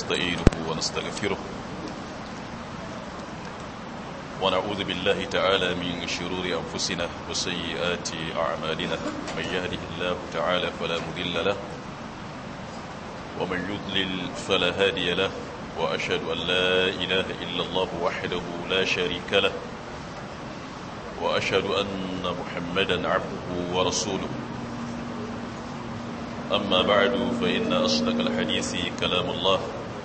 نستعينه ونستغفره ونعوذ بالله تعالى من شرور أنفسنا وسيئات أعمالنا من يهده الله تعالى فلا مذل له ومن يضلل فلا هادي له وأشهد أن لا إله إلا الله وحده لا شريك له وأشهد أن محمدا عبده ورسوله أما بعد فإن أصدق الحديث كلام الله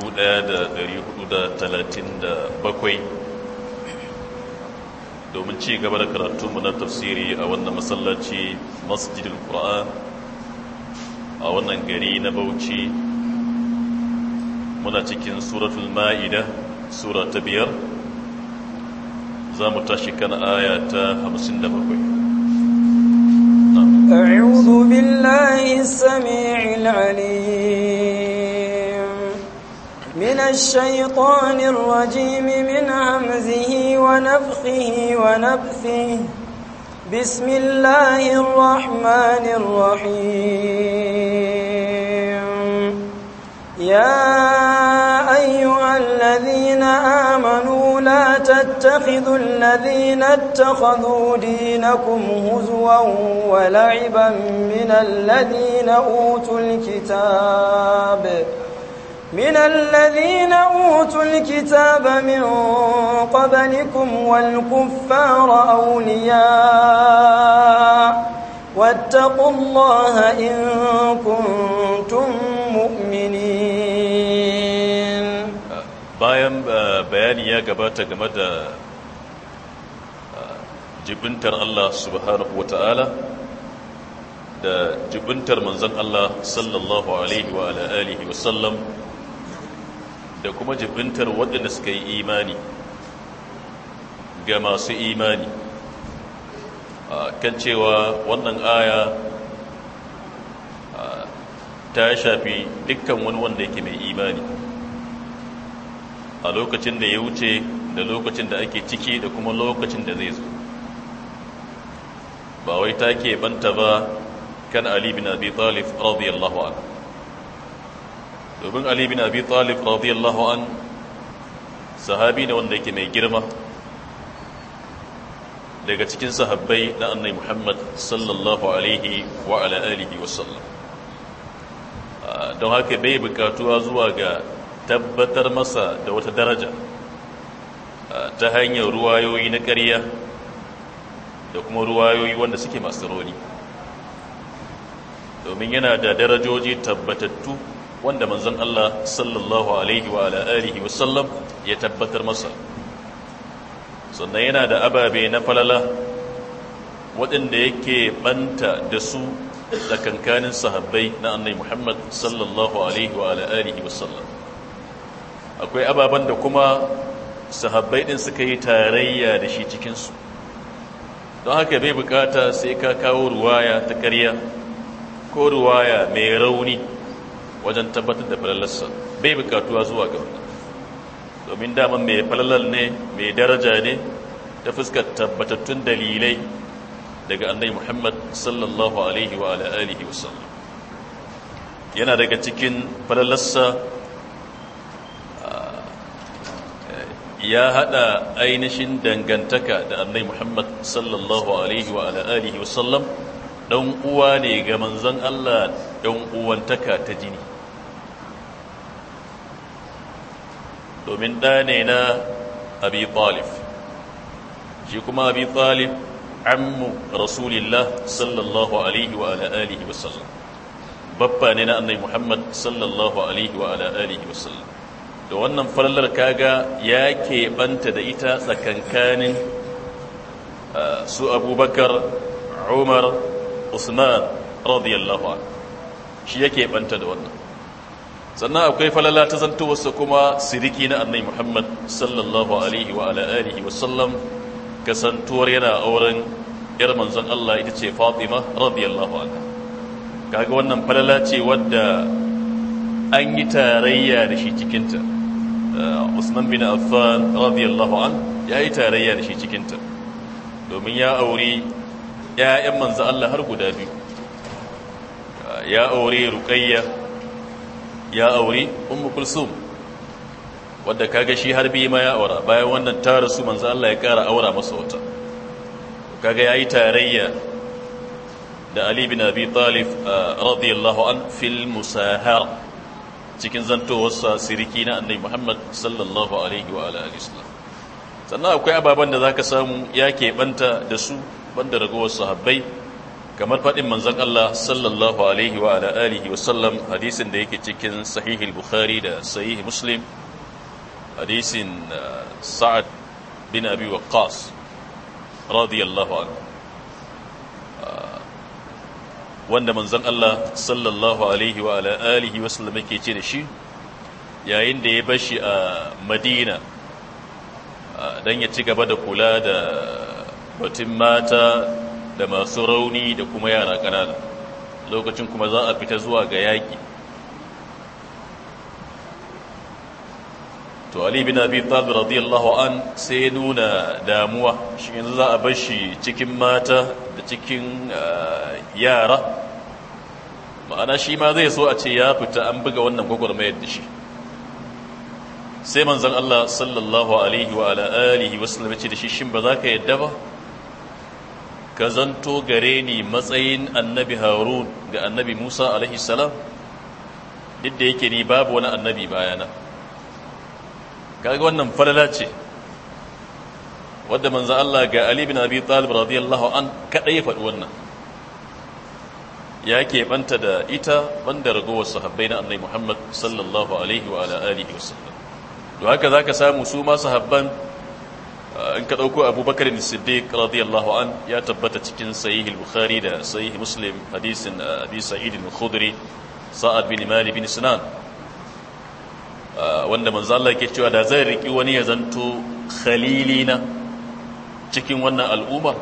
1437 domin ci gaba da karatunmu na tafsiri a wannan masallaci masjidin ƙura'an a wannan gari na bauchi muna cikin suratul ma'ida sura ta biyar za mu tashi kan aya ta 57 أعوذ بالله السميع العليم من الشيطان الرجيم من همزه ونفخه ونبثه بسم الله الرحمن الرحيم يا أيها الذين آمنوا لا تتخذوا الذين اتخذوا دينكم هزوا ولعبا من الذين أوتوا الكتاب ولعبا من الذين أوتوا الكتاب من قبلكم والكفار أولياء واتقوا الله إن كنتم مؤمنين bayan bayani ya gabata game da jibintar Allah subhanahu ta'ala da jibintar manzon Allah sallallahu alaihi wa alihi wa sallam da kuma jibintar waɗanda suka yi imani ga masu imani kan cewa wannan aya ta shafi dukkan wani wanda yake mai imani a lokacin da ya wuce da lokacin da ake ciki da kuma lokacin da zai zo ba wai ta ke banta ba kan ali bin abi talif radiyallahu anhu domin ali bin abi talib radiyallahu an sahabi ne wanda yake mai girma daga cikin sahabbai na annai muhammad sallallahu alaihi wa ala alihi ah, don haka bai bukatuwa zuwa ga tabbatar masa da wata daraja ah, ta hanyar ruwayoyi na ƙarya da kuma ruwayoyi wanda suke masu roni domin yana da darajoji tabbatattu wanda manzon Allah sallallahu alaihi wa alihi wasallam ya tabbatar masa sannan yana da ababe na falala waɗanda yake banta da su kankanin sahabbai na annai Muhammad sallallahu alaihi wa alihi wasallam akwai ababen da kuma sahabbai din suka yi tarayya da shi cikin su don haka bai bukata sai ka kawo ruwaya ta ƙarya ko ruwaya mai rauni wajen tabbatar da falalarsa bai bukatuwa zuwa ga wani domin daman mai falalar ne mai daraja ne ta fuskar tabbatattun dalilai daga annai muhammad sallallahu alaihi wa wa sallam yana daga cikin falalarsa ah, ya hada ainihin dangantaka da annai muhammad sallallahu alaihi wa alihi wasallam dan uwa ne ga manzon allah dan uwantaka ta jini domin ɗa ne na abi talib shi kuma abi talib ammu rasulillah sallallahu alaihi wa ala alihi wa sallam babba ne na annabi muhammad sallallahu alaihi wa ala alihi wa sallam da wannan fallar kaga ya keɓanta da ita tsakankanin su abubakar umar usman radiyallahu anhu shi ya keɓanta da wannan sannan akwai falala ta zantowarsa kuma siriki na annai muhammad sallallahu alaihi wa alihi wa sallam kasantuwar yana auren yar manzon Allah ita ce Fatima radiyallahu anha kaga wannan falala ce wadda an yi tarayya da shi cikinta uh, Usman bin Affan radiyallahu an ya yi tarayya da shi cikinta domin ya auri ƴaƴan manzon Allah har guda biyu uh, ya aure Ruqayyah ya auri ummu kulsum wadda kaga shi har biyu ma ya aura bayan wannan ta rasu manzo Allah ya kara aura masa wata kaga yayi tarayya da Ali bin Abi Talib radiyallahu an fil musahar cikin zantowarsa siriki na annabi Muhammad sallallahu alaihi wa alihi wasallam sannan akwai ababan da zaka samu ya keɓanta da su banda ragowar sahabbai kamar faɗin manzan Allah sallallahu alaihi wa ala alihi wa sallam hadisin da yake cikin sahih al-bukhari da sahihi muslim hadisin uh, sa'ad bin abi waqqas radiyallahu anhu uh, wanda manzan Allah sallallahu alaihi wa ala alihi wa sallam yake ce da shi yayin da ya bashi a Madina uh, don ya ci gaba da kula da batun mata da masu rauni da kuma yara ƙanana lokacin kuma za a fita zuwa ga yaƙi to ali bin abi talib radiyallahu an sai nuna damuwa shi yanzu za a bar shi cikin mata da cikin eh, yara ma'ana shi ma zai so a ce ya fita an buga wannan gwagwarmayar da shi sai manzon Allah sallallahu alaihi wa ala alihi wasallam ce da shi shin ba za ka yadda ba ka zanto gare ni matsayin annabi harun ga annabi musa alaihi duk da yake ni babu wani annabi bayana kaga wannan falala ce wadda manzan Allah ga Ali bin Abi Talib radiyallahu an kada ya faɗi wannan ya ke banta da ita banda ragowar sahabbai na Annabi Muhammad sallallahu alaihi wa ala alihi to haka zaka samu su masu sahabban in ka ɗauko abubakar siddiq radiyallahu an ya tabbata cikin sahihul bukhari da sahih muslim hadisin uh, abi sa'id al-khudri sa'ad bin mali bin sinan uh, wanda manzo Allah yake cewa da zai riki wani ya zanto khalilina cikin wannan al'umma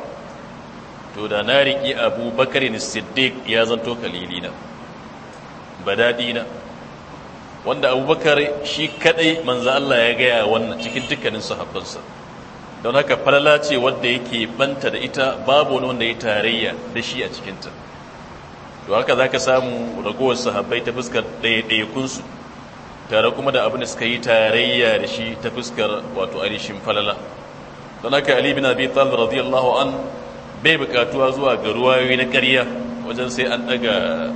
to da na riki abubakar siddiq ya zanto khalilina badadina wanda abubakar shi kadai manzo Allah ya gaya wannan cikin dukkanin sahabbansa don haka falala ce wadda yake banta da ita babu wani wanda ya tarayya da shi a cikinta to haka za ka samu ragowar sahabbai ta fuskar ɗaiɗaikunsu tare kuma da abin da suka yi tarayya da shi ta fuskar wato arishin falala don haka ali bin abi talib radiyallahu an bai bukatuwa zuwa ga ruwayoyi na ƙarya wajen sai an ɗaga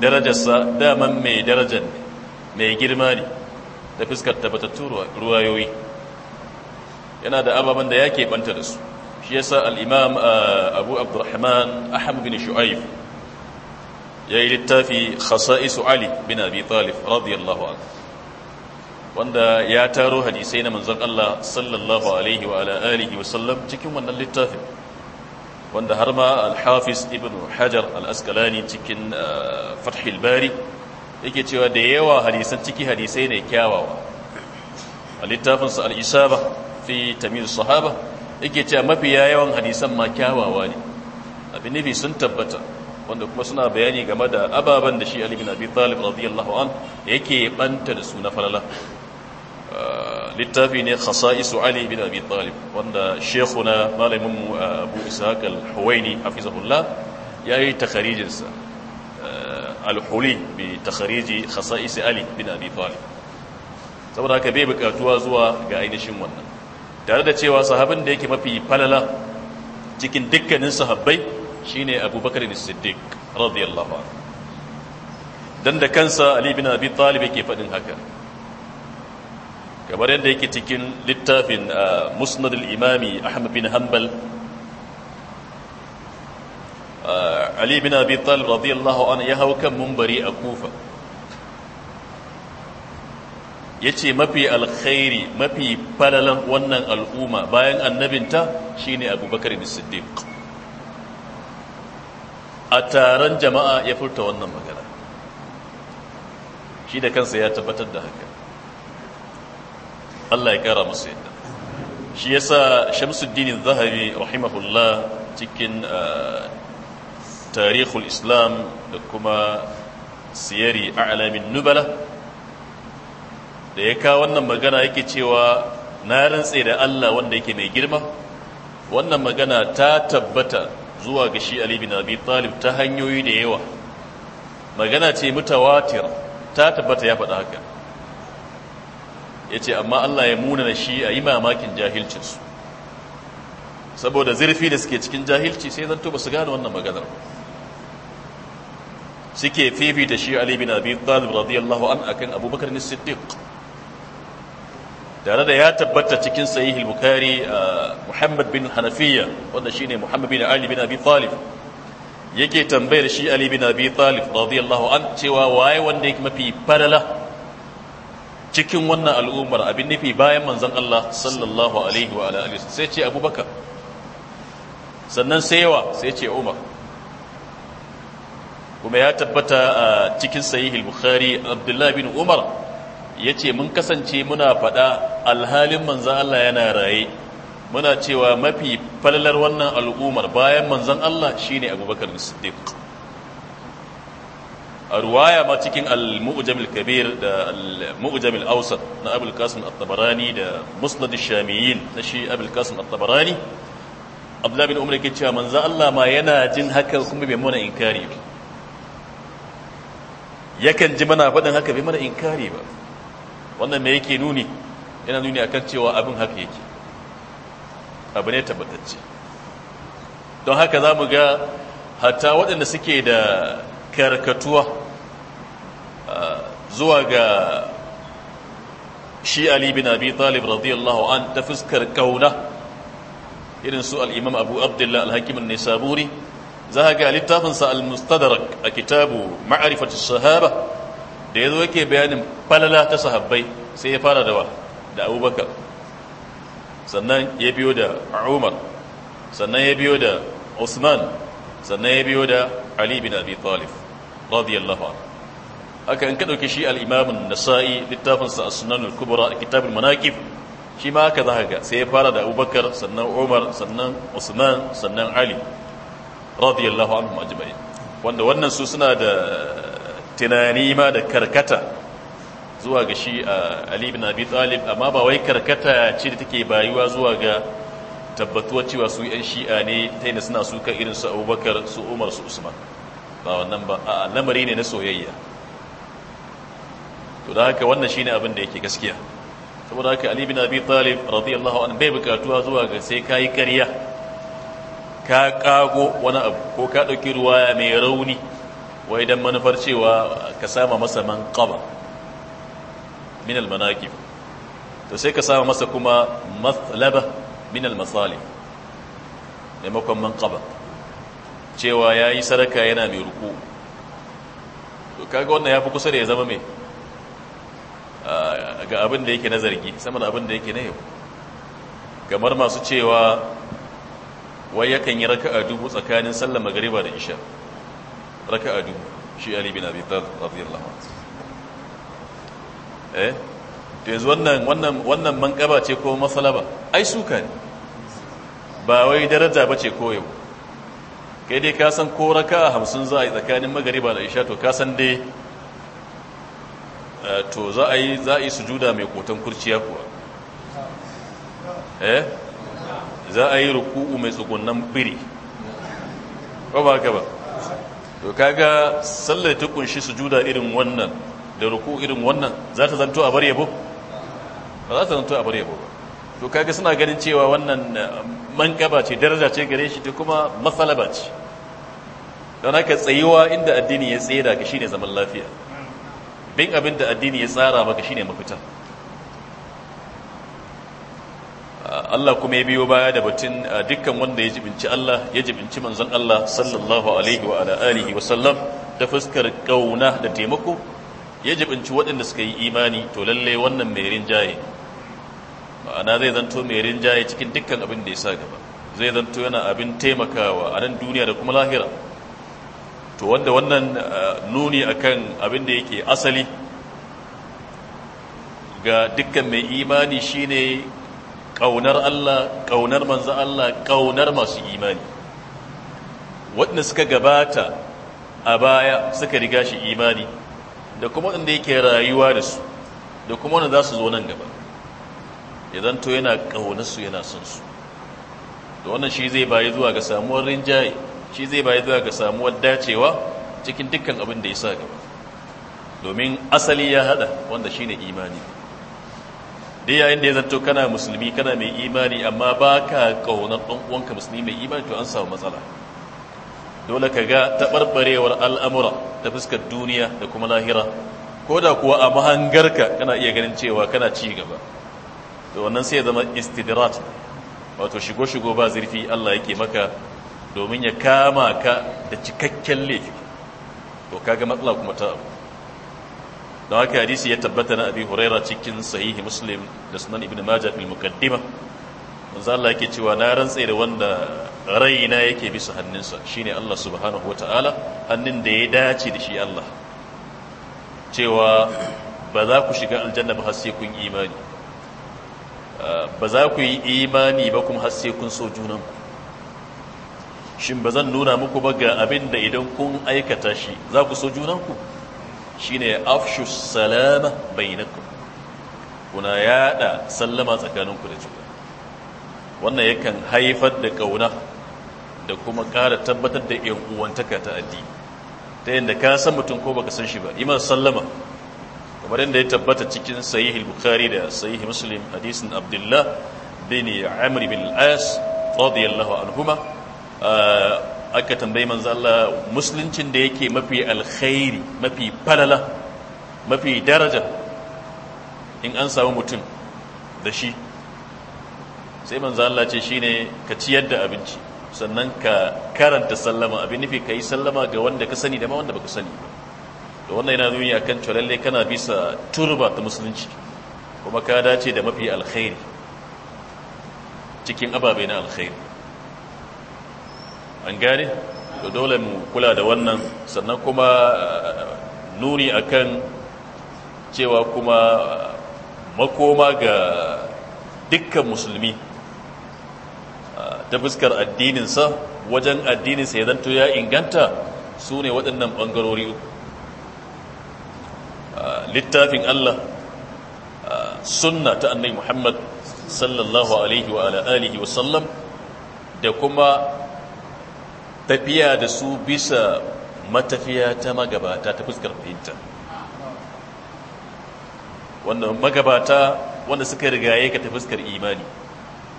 darajarsa daman mai darajar mai girma ne da fuskar tabbatattun ruwayoyi yana da ababen da ya keɓanta da su shi yasa al'imam uh, abu abdurrahman ahmad bin shu'aib ya yi littafi khasa'isu ali bin abi talib radiyallahu anhu wanda ya taro hadisai na manzon Allah sallallahu alaihi wa alihi wa sallam cikin wannan littafin wanda har ma al-hafiz ibn hajar al-asqalani cikin uh, fathil bari yake cewa da yawa hadisan ciki hadisai ne kyawawa a littafinsa al-isaba fi tamil sahaba yake cewa mafiya yawan hadisan ma kyawawa ne abin nufi sun tabbata wanda kuma suna bayani game da ababen da shi Ali bin Abi Talib radiyallahu an yake banta da su na falala ah, littafi ne khasa'isu Ali bin Abi Talib wanda shekuna malamin mu ah, Abu Ishaq al-Huwaini hafizahullah yayi takharijin sa ah, al-Huli bi takhariji khasa'is Ali bin Abi Talib saboda haka bai bukatuwa zuwa ga ainihin wannan tare da cewa sahabin da yake mafi falala cikin dukkanin sahabbai shine abubakar siddiq radiyallahu anhu dan da kansa ali bin abi talib yake faɗin haka kamar yadda yake cikin littafin ah, musnad al-imami ahmad bin hanbal ah, ali bin abi talib radiyallahu anhu ya hau kan mumbari a kufa ya ce mafi alkhairi mafi falalan wannan al'umma bayan annabinta shine abubakar siddiq a taron jama'a ya furta wannan magana shi da kansa ya tabbatar da haka Allah ya kara musu yadda shi yasa shamsuddin zahabi rahimahullah cikin eh, tarihul islam da kuma siyari a'lamin nubala da ya kawo wannan magana yake cewa na rantse da Allah wanda yake mai girma wannan magana ta tabbata zuwa ga shi Ali bin Abi Talib ta hanyoyi da yawa magana ce mutawatir ta tabbata ya faɗa haka yace amma Allah ya muna shi a yi mamakin su. saboda zurfi da suke cikin jahilci sai zan tuba su gane wannan magana suke fifita shi Ali bin Abi Talib radiyallahu an akan Abubakar ni Siddiq tare da ya tabbata cikin sahih al-bukhari uh, muhammad bin hanafiya wanda shine muhammad bin ali bin abi talib yake tambayar shi ali bin abi talib radiyallahu an cewa waye wanda yake mafi farala cikin wannan al'ummar abin nufi bayan manzon Allah sallallahu alaihi wa alihi sai ce abubakar sannan sai sai ce umar kuma ya tabbata uh, cikin sahih al-bukhari abdullahi bin umar ya ce mun kasance muna faɗa alhalin manzan Allah yana raye muna cewa mafi falalar wannan al'ummar bayan manzan Allah shi shine abubakar siddiq a ruwaya ma cikin al muujamil kabir da al muujamil awsat na abul qasim at-tabarani da musnad ash-shamiyin na shi abul qasim at-tabarani abdullah bin umar yake cewa manzo Allah ma yana jin haka kuma bai mana inkari ba yakan ji mana faɗin haka bai mana inkari ba wannan me yake nuni yana nuni akan cewa abin haka yake abu ne tabbatacce don haka za mu ga hata waɗanda suke da karkatuwa zuwa ga shi ali bin abi talib radiyallahu an ta fuskar kauna irin su al'imam abu abdullah alhakimin nisaburi za ga littafinsa al-mustadrak a kitabu ma'arifatun sahaba da ya zo yake bayanin falala ta sahabbai sai ya fara da da abubakar sannan ya biyo da umar sannan ya biyo da usman sannan ya biyo da ali bin abi talif radiyallahu anhu haka in ka dauki shi al-imam an-nasa'i littafin sa as-sunan al-kubra kitab al-manaqib shi ma haka zaka ga sai ya fara da abubakar sannan umar sannan usman sannan ali radiyallahu anhum ajma'in wanda wannan su suna da tunani ma da karkata zuwa ga shi Ali ibn Abi Talib amma ba wai karkata ce da take bayuwa zuwa ga tabbatuwa cewa su yan shi'a ne ta suna suka irin su Abubakar su Umar su Usman ba wannan ba a lamari ne na soyayya to da haka wannan shine abin da yake gaskiya saboda haka Ali ibn Abi Talib radiyallahu anhu bai bukatuwa zuwa ga sai kai karya ka kago wani abu ko ka dauki ruwaya mai rauni wai idan manufar cewa ka sama masa man qaba min al manaqib to sai ka sama masa kuma mathlaba min al masalih maimakon man qaba cewa yayi sadaka yana mai ruku to kaga wannan yafi kusa da ya zama mai ga abin da yake na zargi sama da abin da yake na yau gamar masu cewa wai yakan yi raka'a dubu tsakanin sallar magariba da isha raka'a dubu shi ali bin abi talib radiyallahu anhu eh to yanzu wannan wannan wannan manqaba ce ko masalaba ai suka ne ba wai daraja bace ko yau kai dai ka san ko raka'a 50 za a yi tsakanin magariba da isha to ka san dai to za a yi za a yi sujuda mai kotan kurciya kuwa eh za a yi ruku'u mai tsugunnan biri ba ba ka ba to kaga sallar ta kunshi sujuda irin wannan da ruku irin wannan za ta zanto a bar yabo ba za ta zanto a bar yabo ba to kaga suna ganin cewa wannan eh, mankaba ce daraja ce gare shi ta kuma matsalaba ce don haka tsayuwa inda addini ya tsaye da ka shine zaman lafiya bin abin da addini ya tsara maka shine mafita Allah kuma ya biyo baya da batun uh, dukkan wanda ya jibinci Allah ya jibinci manzon Allah sallallahu alaihi wa alihi wa sallam da fuskar kauna da taimako ya jibinci waɗanda suka yi imani to lalle wannan mai rinjaye ma'ana zai zanto mai rinjaye cikin dukkan abin da ya sa gaba zai zanto yana abin taimakawa a nan duniya da kuma lahira to wanda wannan uh, nuni akan abin da yake asali ga dukkan mai imani shine ƙaunar Allah ƙaunar manzo Allah ƙaunar masu imani waɗanda suka gabata a baya suka riga shi imani da kuma waɗanda yake rayuwa da su da kuma wanda za su zo nan gaba idan to yana ƙaunarsu yana son su da wannan shi zai bayi zuwa ga samuwar rinjaye shi zai bayi zuwa ga samuwar dacewa cikin dukkan abin da ya sa gaba domin asali ya haɗa wanda shine imani da yayin da ya zanto kana musulmi kana mai imani amma ba ka ƙaunar ɗan uwanka musulmi mai imani to an samu matsala dole ka ga taɓarɓarewar al'amura ta fuskar duniya da kuma lahira ko da kuwa a mahangarka kana iya ganin cewa kana ci gaba to wannan sai ya zama istidirat wato shigo-shigo ba zurfi Allah yake maka domin ya kama ka da cikakken laifi to kaga matsala kuma ta abu da haka hadisi ya tabbata na abi huraira cikin sahihi muslim da sunan ibn majah bil muqaddima manzo Allah yake cewa na rantse da wanda raina yake bisa hannunsa shine Allah subhanahu wataala hannun da ya dace da shi Allah cewa ba za ku shiga aljanna ba har sai kun imani ah, ba za ku yi imani ba kuma har sai kun so junan shin ba zan nuna muku ba ga abin da idan kun aikata shi za ku so junan ku shine afshu salama bainakum kuna yada sallama tsakaninku da juna wannan yakan haifar da kauna da kuma ƙara tabbatar da yan uwantaka ta addini ta yadda ka san mutum ko baka san shi ba iman sallama kamar yadda ya tabbata cikin sahih bukhari da sahih muslim hadisin abdullah bin amr bin al-as radiyallahu anhuma ah, aka tambayi manzo Allah musuluncin da yake mafi alkhairi mafi falala mafi daraja in an samu mutum da shi sai manzo Allah ce shine ka ciyar da abinci sannan ka karanta sallama abin nufi ka yi sallama ga wanda ka sani da ma wanda baka sani da wannan yana nuni akan cewa lalle kana bisa turba ta musulunci kuma ka dace da mafi alkhairi cikin ababe na alkhairi an gane da dole mu kula da wannan sannan kuma eh, nuni akan cewa kuma eh, makoma ga dukkan musulmi eh, ta fuskar addininsa wajen addininsa ya zanto ya inganta su ne waɗannan ɓangarori littafin Allah sunna ta annai Muhammad sallallahu alaihi wa alihi wasallam da kuma tafiya da su bisa matafiya ta magabata ta fuskar fahimta wannan magabata wanda suka rigaye ka ta fuskar imani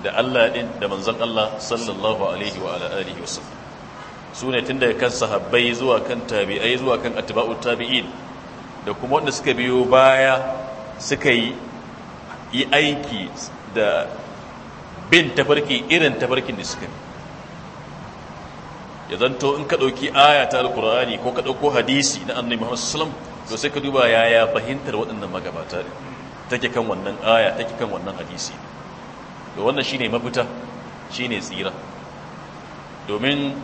da Allah din da manzon Allah sallallahu alaihi wa alihi wasallam su ne tun daga kan sahabbai zuwa kan tabi'ai zuwa kan atba'u tabi'in da kuma wanda suka biyo baya suka yi aiki da bin tafarki irin tafarkin da suka yi. ya zanto in ka ɗauki ayata al-ƙur'ani ko ka ɗauko hadisi na annabi muhammad sallam to sai ka duba ya fahimtar waɗannan magabata ne take kan wannan aya take kan wannan hadisi to wannan shine mafita shine tsira domin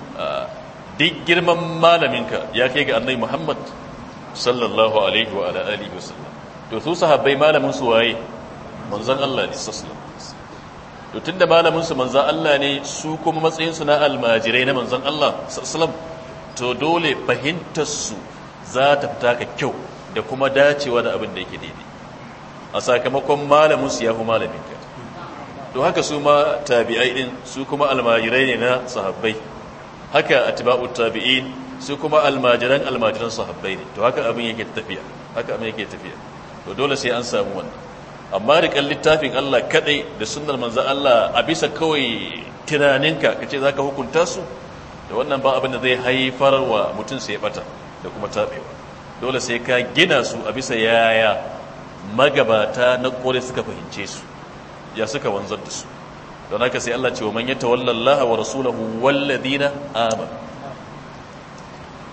duk girman malaminka ya kai ga annabi muhammad sallallahu alaihi wa alihi wasallam to su sahabbai malamin su waye manzon Allah alaihi wasallam to tunda malamin su manzon Allah ne su kuma matsayinsu na almajirai na manzan Allah sallallahu to dole fahimtar za ta fita ka kyau da kuma dacewa da abin da yake daidai a sakamakon malamin ya fi malaminka. to haka su ma tabi'ai din su kuma almajirai ne na sahabbai haka atba'ut tabi'in su kuma almajiran almajiran sahabbai ne to haka abin yake tafiya haka abin yake tafiya to dole sai an samu wannan amma rikan littafin Allah kaɗai da sunnar manza Allah a bisa kawai tunaninka kace zaka hukunta su da wannan ba abin da zai haifar wa mutum sai bata da kuma tabewa dole sai ka gina su a bisa yaya magabata na kore suka fahimce su ya suka wanzar da su don haka sai Allah ce wa man yatawalla Allah wa rasulahu walladina amanu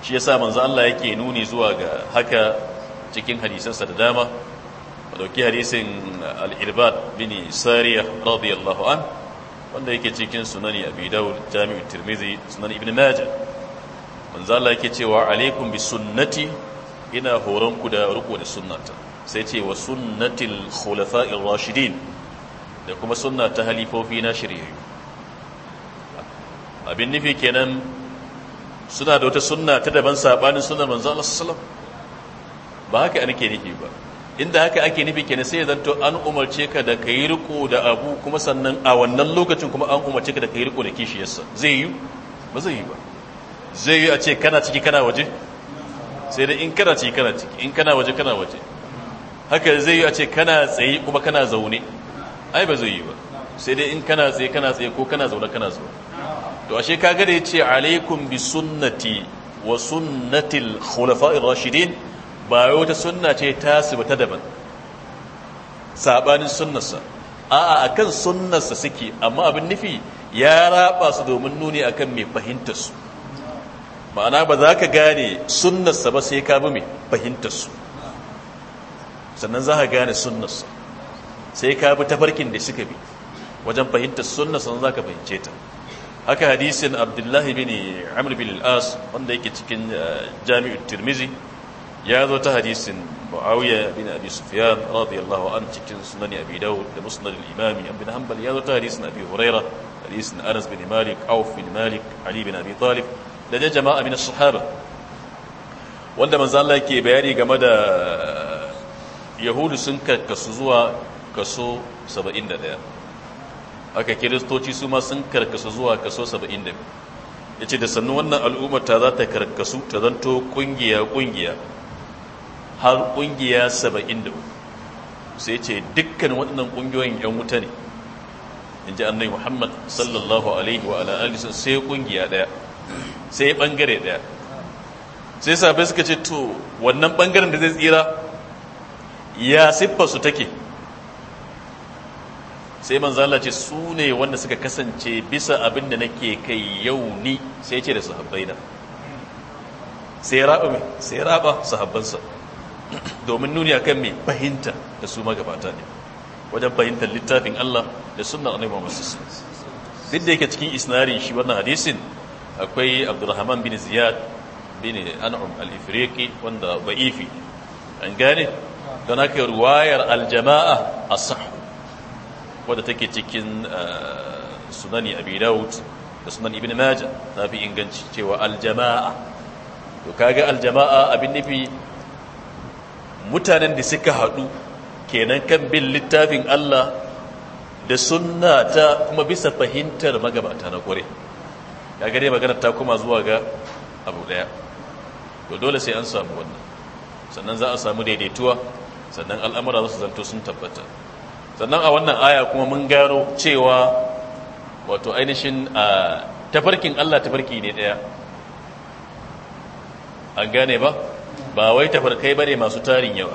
shi yasa manzo Allah yake nuni zuwa ga haka cikin hadisansa da dama dauki hadisin al-irbad bin sariya radiyallahu an wanda yake cikin sunani abi daud jami'u tirmidhi sunan ibn majah manzo Allah yake cewa alaikum bi sunnati ina horon ku da riko da sunnata sai ce wa sunnatil khulafa'ir rashidin da kuma sunna ta halifofi na shiryayyu abin nufi kenan suna da wata sunna ta daban sabanin sunnar manzo Allah sallallahu alaihi wasallam ba haka nake nufi ba inda haka ake nufi kenan sai zanto an umarce ka da kai riko da abu kuma sannan a wannan lokacin kuma an umarce ka da kai riko da kishiyarsa zai yi ba zai yi ba zai yi a ce kana ciki kana waje sai dai in kana ciki kana ciki in kana waje kana waje haka zai yi a ce kana tsaye kuma kana zaune ai ba zai yi ba sai dai in kana tsaye kana tsaye ko kana zaune kana zaune to ashe kaga da yace alaikum bi sunnati wa sunnatil khulafa'ir rashidin ba wata sunna ce ta ba ta daban sabanin sunnarsa a'a akan sunnarsa suke amma abin nufi ya raba su domin nuni akan mai fahimtar su ma'ana ba za ka gane sunnarsa ba sai ka bi mai fahimtar su sannan za ka gane sunnarsa sai ka bi tafarkin da suka bi wajen fahimtar sunnarsa za ka fahimce ta haka hadisin abdullahi bin Amir bin al'as wanda yake cikin eh, jami'ar tirmizi ya zo ta hadisin muawiya bin abi sufyan radiyallahu an cikin sunan abi daud da musnad al-imam ibn hanbal ya zo ta hadisin abi huraira hadisin anas bin malik auf bin malik ali bin abi talib da da jama'a min as-sahaba wanda manzo Allah yake bayani game da yahudu sun karkasu zuwa kaso 71 aka kiristoci su ma sun karkasu zuwa kaso 72 ya ce da sannu wannan al'ummar ta za ta karkasu ta zanto kungiya-kungiya har kungiya 73 sai ce dukkan waɗannan kungiyoyin yan wuta ne in ji annai muhammad sallallahu alaihi wa ala'alisun sai kungiya daya sai bangare daya sai sabai suka ce to wannan bangaren da zai tsira ya siffa su take sai manzala ce su ne wanda suka kasance bisa abin da nake kai yau ni sai ce da sahabbai na sai raba mai sai raba sahabbansa domin nuni akan mai fahimta da su magabata ne wajen fahimtar littafin Allah da sunnar annabi Muhammad sallallahu duk da yake cikin isnadin shi wannan hadisin akwai Abdurrahman bin Ziyad bin An'am al-Ifriqi wanda ba'ifi an gane don haka riwayar al-jama'a as-sah take cikin eh, sunani Abi Dawud da sunan Ibn Majah ta fi inganci cewa al-jama'a to kaga al-jama'a abin nufi mutanen da suka haɗu kenan kan bin littafin Allah da sunna ta kuma bisa fahimtar magabata na ƙure ya gare magana ta kuma zuwa ga abu ɗaya to dole sai an samu wannan sannan za a samu daidaituwa sannan al'amura za su zanto sun tabbata sannan a wannan aya kuma mun gano cewa wato ainihin a tafarkin Allah tafarki ne ɗaya an gane ba ba wai tafarkai bane masu tarin yawa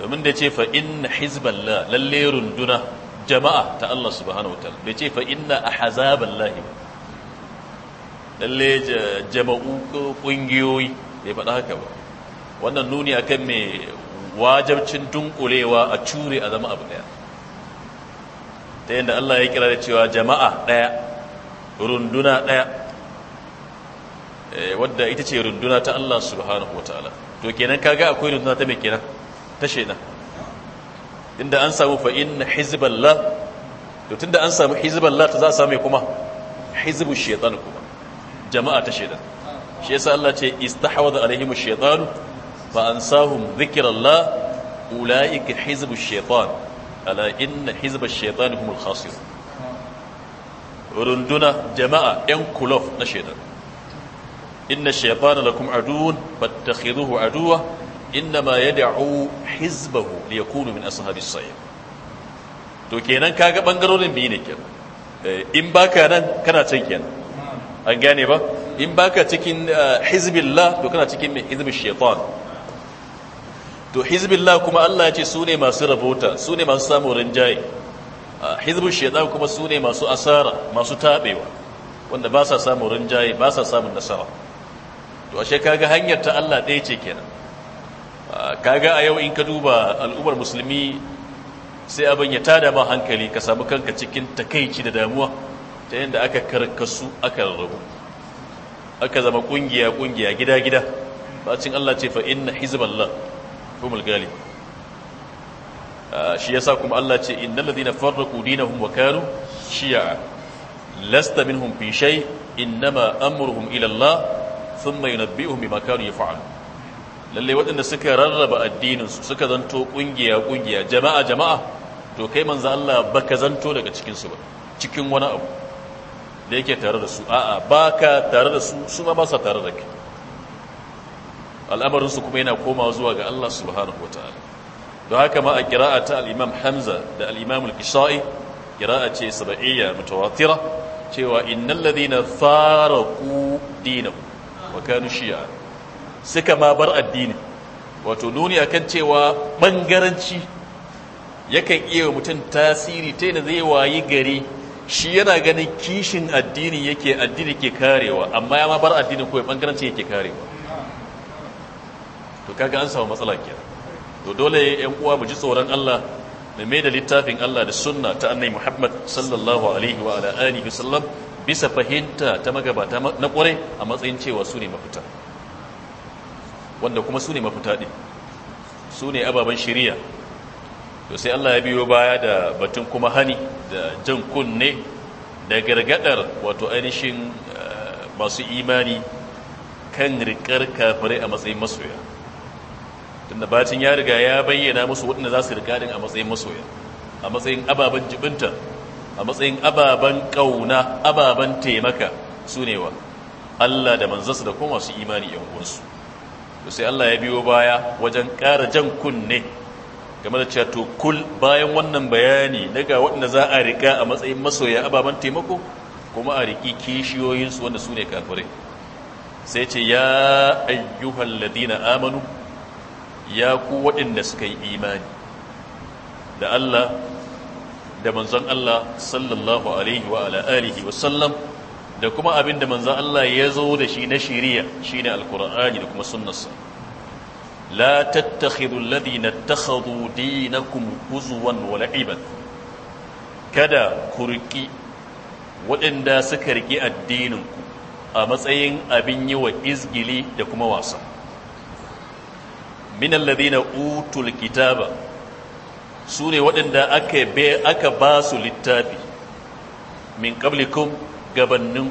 domin da ce fa inna hizballah lalle runduna jama'a ta Allah subhanahu wataala bai ce fa inna ahzaballahi lalle jama'u kungiyoyi bai faɗa haka ba wannan nuni akan me wajabcin dunkulewa a cure a zama abu daya ta yadda Allah ya kira da cewa jama'a daya runduna daya Eh, wadda ita ce runduna ta Allah subhanahu ta'ala to kenan kaga akwai runduna ta mai kenan ta shaidan inda an samu fa inna hizballah to tunda an samu hizballah ta za a samu kuma hizbu shaitan kuma jama'a ta shaitan shi yasa Allah ce istahwadha alaihim ash-shaytan fa ansahum dhikrallah ulaika hizbu ash-shaytan ala inna hizba ash-shaytan humul khasirun runduna jama'a yan kulof na shaitan inna shaytana lakum aduwwun fattakhiduhu aduwwa ya yad'u hizbahu liyakunu min ashabis sa'ir to kenan kaga bangarorin biyu ne kenan eh, in baka nan kana can kenan an gane ba in baka cikin eh, hizbillah to kana cikin hizbin shaytan to hizbillah kuma Allah ya ce su ne masu rabota su ne masu samun rinjaye ah, hizbin shaytan kuma su ne masu asara masu tabewa wanda ba sa samun rinjaye ba sa samun nasara to ashe kaga hanyar ta Allah ɗaya ce kenan kaga a yau in ka duba al'ummar musulmi sai abin ya tada ma hankali ka samu kanka cikin takaici da damuwa ta yadda aka karkasu aka rarrabu aka zama kungiya kungiya gida gida bacin Allah ce fa inna hizballah humul galib shi yasa kuma Allah ce innal ladina farraqu dinahum wa kanu shi'a lasta minhum fi shay innama amruhum ila thumma yunabbi'uhum bima ya yaf'alun lalle waɗanda suka rarraba addininsu suka zanto ƙungiya ƙungiya jama'a jama'a to kai manzo Allah ka zanto daga cikinsu ba cikin wani abu da yake tare da su a'a ka tare da su su ma ba sa tare da ke al'amarin su kuma yana komawa zuwa ga Allah subhanahu wataala don haka ma a qira'a ta al Hamza da al-Imam al-Kisha'i qira'a ce sab'iyya mutawatira cewa innal ladina ku dinahum wa shi'a suka ma bar addini wato nuni akan cewa bangaranci yakan iya mutum tasiri ta yana zai wayi gari shi yana ganin kishin addini yake addini ke karewa amma ya ma bar addini kawai bangaranci yake karewa to kaga an samu matsala kenan to dole yan uwa mu ji tsoron Allah mu mai da littafin Allah da sunna ta annabi Muhammad sallallahu alaihi wa ala alihi bisa fahimta ta magabata na ƙware a matsayin cewa su ne mafita wanda kuma su ne mafita ɗin su ne ababen shirya to sai Allah ya biyo baya da batun kuma hani da jan kunne da gargadar wato ainihin eh, masu imani kan rikar kafirai a matsayin masoya tunda bacin ya riga ya bayyana musu waɗanda za su rika a matsayin masoya a matsayin ababen jibinta a matsayin ababen ƙauna ababen taimaka su ne wa Allah da manzansa da kuma masu imani yan uwansu to sai Allah ya biyo baya wajen ƙara jan kunne game da cato kul bayan wannan bayani daga waɗanda za a riƙa a matsayin masoya ababen taimako kuma a riƙi kishiyoyinsu wanda su ne kafirai sai ce ya ayyuhal ladina amanu ya ku waɗanda suka yi imani da Allah da manzon Allah sallallahu alaihi wa ala alihi wa sallam da kuma abin da manzon Allah ya zo da shi na shiriya shine alqur'ani da kuma sunnarsa la tattakhidhu alladhina ittakhadhu dinakum huzwan wa la'iban kada ku riki waɗanda suka riki addininku a matsayin abin yi wa izgili da kuma wasa min alladhina utul kitaba su ne waɗanda aka ba su littafi min ƙablikun gabannin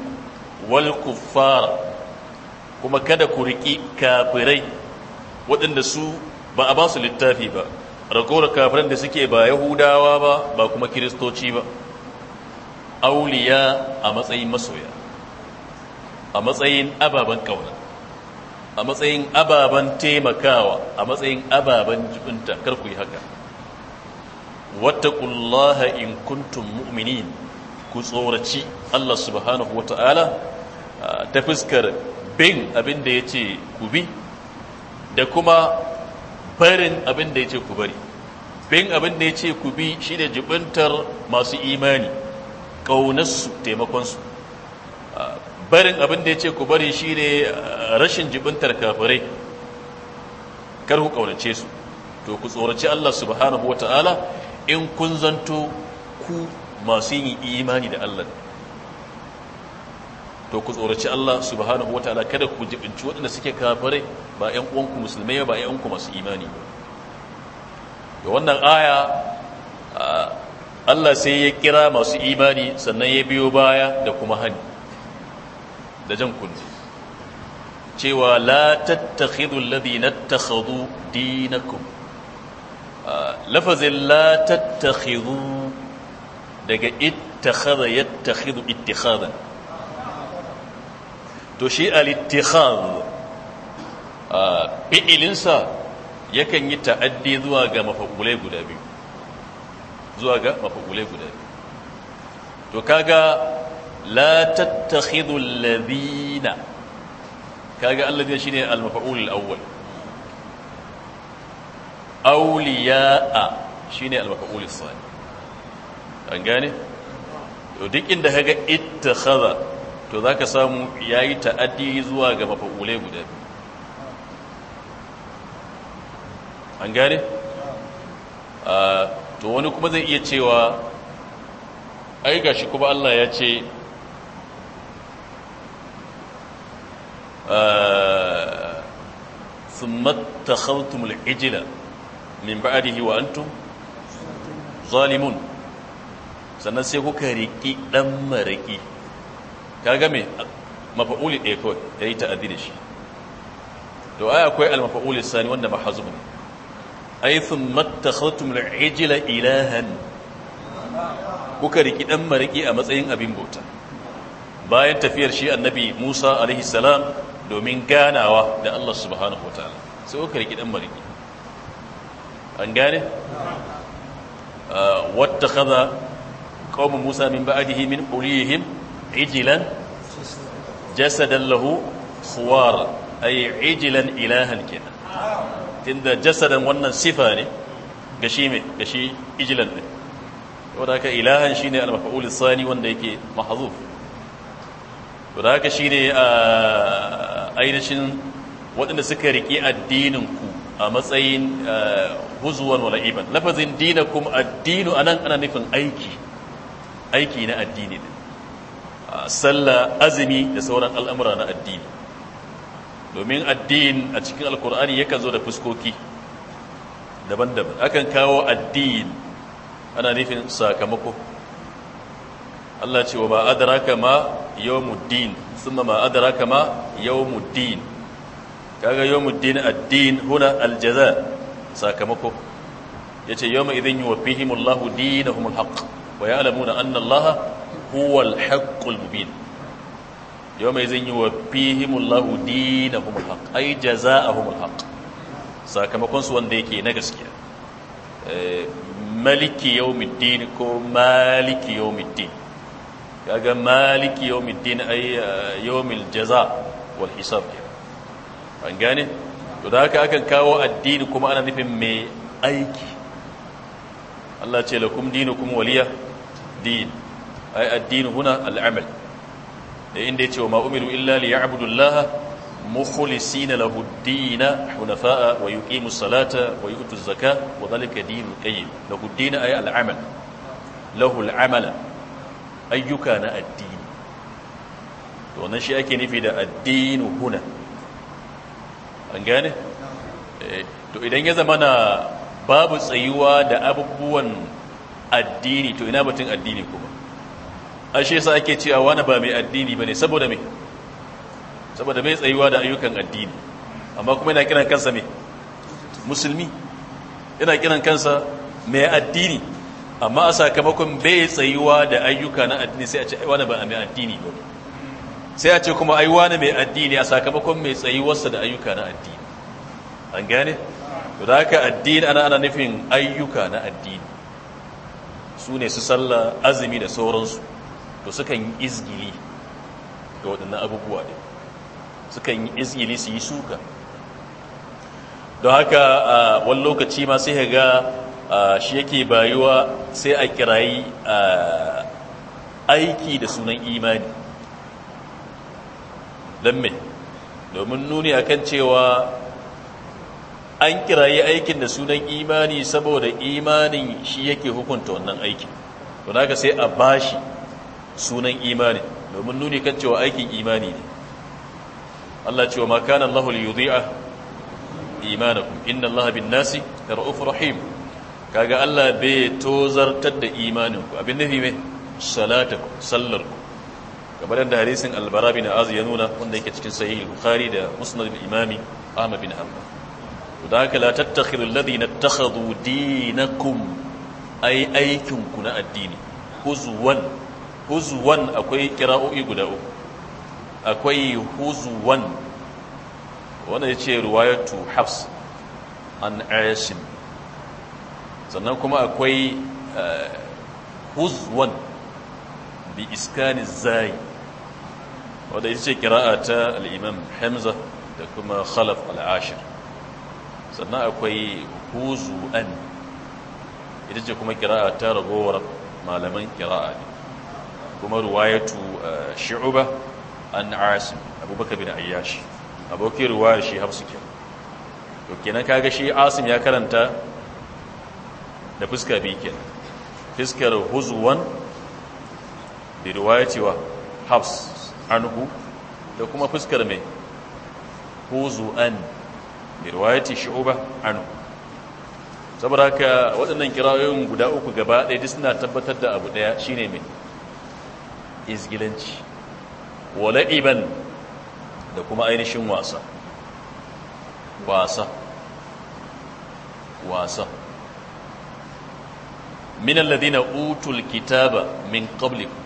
wal fara. kuma kada ku riƙi kafirai waɗanda su ba a ba su littafi ba ragowar kafiran da suke ba yahudawa ba ba kuma kiristoci ba auliya a matsayin masoya a matsayin ababen ƙauna a matsayin ababen taimakawa a matsayin ababen jibinta karku yi haka wattaqullaha in kuntum mu'minin ku tsoraci Allah subhanahu wata'ala ah, ta fuskar bin abin da yace ku bi da kuma barin abin da yace ku bari bin abin da yace ku bi shine jibintar masu imani kaunarsu su. Ah, barin abin da yace ku bari shine ah, rashin jibintar kafirai kar ku kaunace su to ku tsoraci Allah subhanahu wata'ala in kun zanto ku masu yin imani da Allah to ku tsoraci Allah subhanahu ta'ala kada ku jibinci waɗanda suke kafare ba ƴan uwanku musulmai ba ƴan uwanku masu imani da wannan aya Allah sai ya kira masu imani sannan ya biyo baya da kuma hani da jan kunji. cewa la tattakhidul ladina takhadu dinakum lafazin la tattakhidhu daga ittakhadha yattakhidhu ittikhadan to shi al-ittikhadh fi'ilinsa yakan yi ta'addi zuwa ga mafakulai guda biyu zuwa ga mafakulai guda biyu to kaga la tattakhidhu alladhina kaga alladhina shine al-maf'ul al-awwal auliya'a shine al-maf'ulus sani an gane to duk inda kaga ittakhadha to zaka samu yayi ta'addi zuwa ga mafaule guda an gane to wani kuma zai iya cewa ai gashi kuma Allah ya ce summa ah, takhawtum al-ijla min ba'dihi wa antum zalimun sannan sai kuka riki dan maraki kaga me mafa'uli ɗaya kawai yayi ta'addi da shi to aya akwai al-mafa'uli sani wanda ba hazbu ne ai thumma takhadtum al-ijla ilahan kuka riki dan maraki a matsayin abin bauta bayan tafiyar shi annabi Musa alaihi salam domin ganawa da Allah subhanahu wataala sai kuka riki dan maraki an gane wata kaza ƙaumin musa min ba'adihi min ƙulihim ijilan jasadan lahu suwar yi ijilan ilahan kenan tunda jasadan wannan sifa ne gashi gashi ijilan ne wanda haka ilahan shine al-maf'ul sani wanda yake mahzuf wanda haka shine a uh, ainihin waɗanda suka riki addininku a matsayin eh, huzuwan wala iban lafazin kuma addinu anan ana nufin aiki aiki na addini din ah, sallah azumi da sauran al'amura na addini domin addini a cikin alkur'ani yakan zo da fuskoki daban-daban akan kawo addin ana nufin sakamako Allah ce wa ba adraka ma yawmuddin thumma ma adraka ma yawmuddin kaga yawmuddin ad-din huna aljaza jaza sakamako yace yawma idhin yuwaffihimullahu dinahum al-haqq wa ya'lamuna anna allaha huwa al-haqqul mubin yawma idhin yuwaffihimullahu dinahum al-haqq ay jazaa'ahum al-haqq sakamakon su wanda yake na gaskiya eh, maliki yawmiddin ko maliki yawmiddin kaga maliki yawmiddin ay eh, yawmil jaza wal hisab an gane to da haka akan kawo addini kuma ana nufin mai aiki Allah ce lakum kuma waliya din ai addini huna al'amal da inda ya ce wa ma'umiru illa li ya'budullaha mukhlisina lahu ad-din hunafa'a wa yuqimu as-salata wa yu'tu az-zakata wa dhalika dinul qayyim lahu ad-din ay al-amal lahu al ayyuka na addini to wannan shi ake nufi da addinu huna an gane eh, to idan ya zama na babu tsayuwa da abubuwan addini to ina batun addini kuma ashe sa ake cewa wani ba mai addini ne saboda me saboda mai tsayuwa da ayyukan addini amma kuma yana kiran kansa me musulmi yana kiran kansa mai addini amma a sakamakon bai tsayuwa da ayyuka na addini sai a ce wani ba mai addini ne. sai a ce kuma ai wani mai addini a sakamakon mai tsayuwarsa da ayyuka na addini an gane da haka addini ana ana nufin ayyuka na addini su ne su sallah azumi da sauransu to sukan yi izgili ga waɗannan abubuwa ɗin sukan yi izgili su yi suka don haka a wani lokaci ma sai ga shi yake bayuwa sai a kirayi aiki da sunan imani don me domin nuni kan cewa an kirayi aikin da sunan imani saboda imanin shi yake hukunta wannan aikin to naka sai a bashi sunan imani domin nuni kan cewa aikin imani ne Allah cewa ma kana Allahu liyudhi'a imanakum inda Allaha bin-nasi ra'ufur rahim kaga Allah bai tozartar da imaninku abin nufi me salatakum sallarku kamar da hadisin albara bin azu ya nuna wanda yake cikin sahih bukhari da musnad al-imami ahmad bin hanbal to da haka la tattakhidhu alladhina ittakhadhu dinakum ay aikin ku na addini huzwan huzwan akwai qira'o'i guda uku akwai huzwan wanda yace riwayatu hafs an ashim sannan kuma akwai eh, huzwan bi iskani zai wadda ita ce kira'a ta al'imam hamza da kuma khalaf al'ashir sannan akwai huzu'an ita ce kuma kira'a ta ragowar malaman kira'a ne kuma ruwayatu eh, shi'uba an asim abubakar bin ayyashi abokin ruwayar shi hafsu kenan kenan kaga shi asim ya karanta da fuska biyu kenan fuskar huzuwan da riwaya cewa hafs anhu da kuma fuskar mai huzu an da riwaya ce an anhu saboda haka waɗannan kirayoyin guda uku gaba ɗaya duk suna tabbatar da abu ɗaya shine mai izgilanci wala iban da kuma ainihin wasa wasa wasa min alladhina utul kitaba min qablikum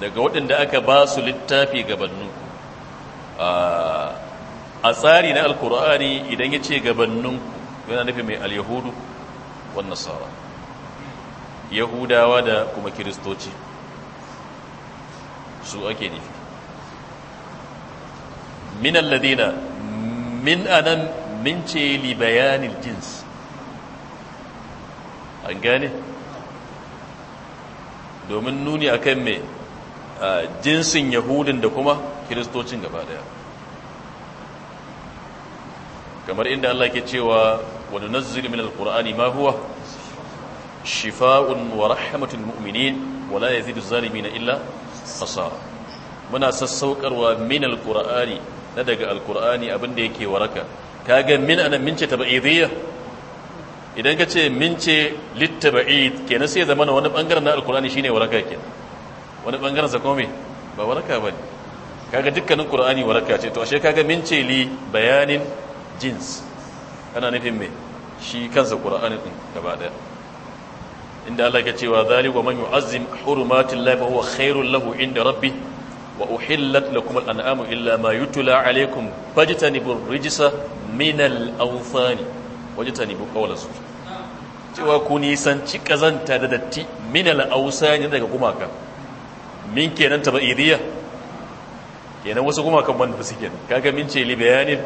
daga waɗanda aka ba su littafi gabannu a tsari na alkur'ani idan ya ce gabannun yana nufi mai alyahudu wannan sara yahudawa da kuma kiristoci su ake nufi min alladina min anan min ce libayanin jins an gane domin nuni akan mai jinsin yahudin da kuma kiristocin gaba daya kamar inda Allah ke cewa wani nazzili min alkur'ani ma huwa shifa'un wa rahmatul mu'minin wa la yazidu zalimin illa fasara muna sassaukarwa min alkur'ani na daga alkur'ani abinda yake waraka kaga min anan mince tabaidiyya idan ka ce mince littaba'id kenan sai zama wani bangaren na alkur'ani shine waraka kenan wani bangaren sa ba waraka ba ne kaga dukkanin qur'ani waraka ce to ashe kaga min ce li bayanin jins ana nufin me shi kansa qur'ani din gaba daya inda Allah ce wa man yu'azzim hurumatillahi fa huwa khairul lahu inda rabbi wa uhillat lakum al-an'amu illa ma yutla alaykum fajtanibur rijsa min al-awthani wajtanibu qawla su cewa ku ci kazanta da datti min al-awthani daga gumaka min kenan ba'idiyya kenan wasu gumakan wanda ba su kenan kaga min ce li bayanin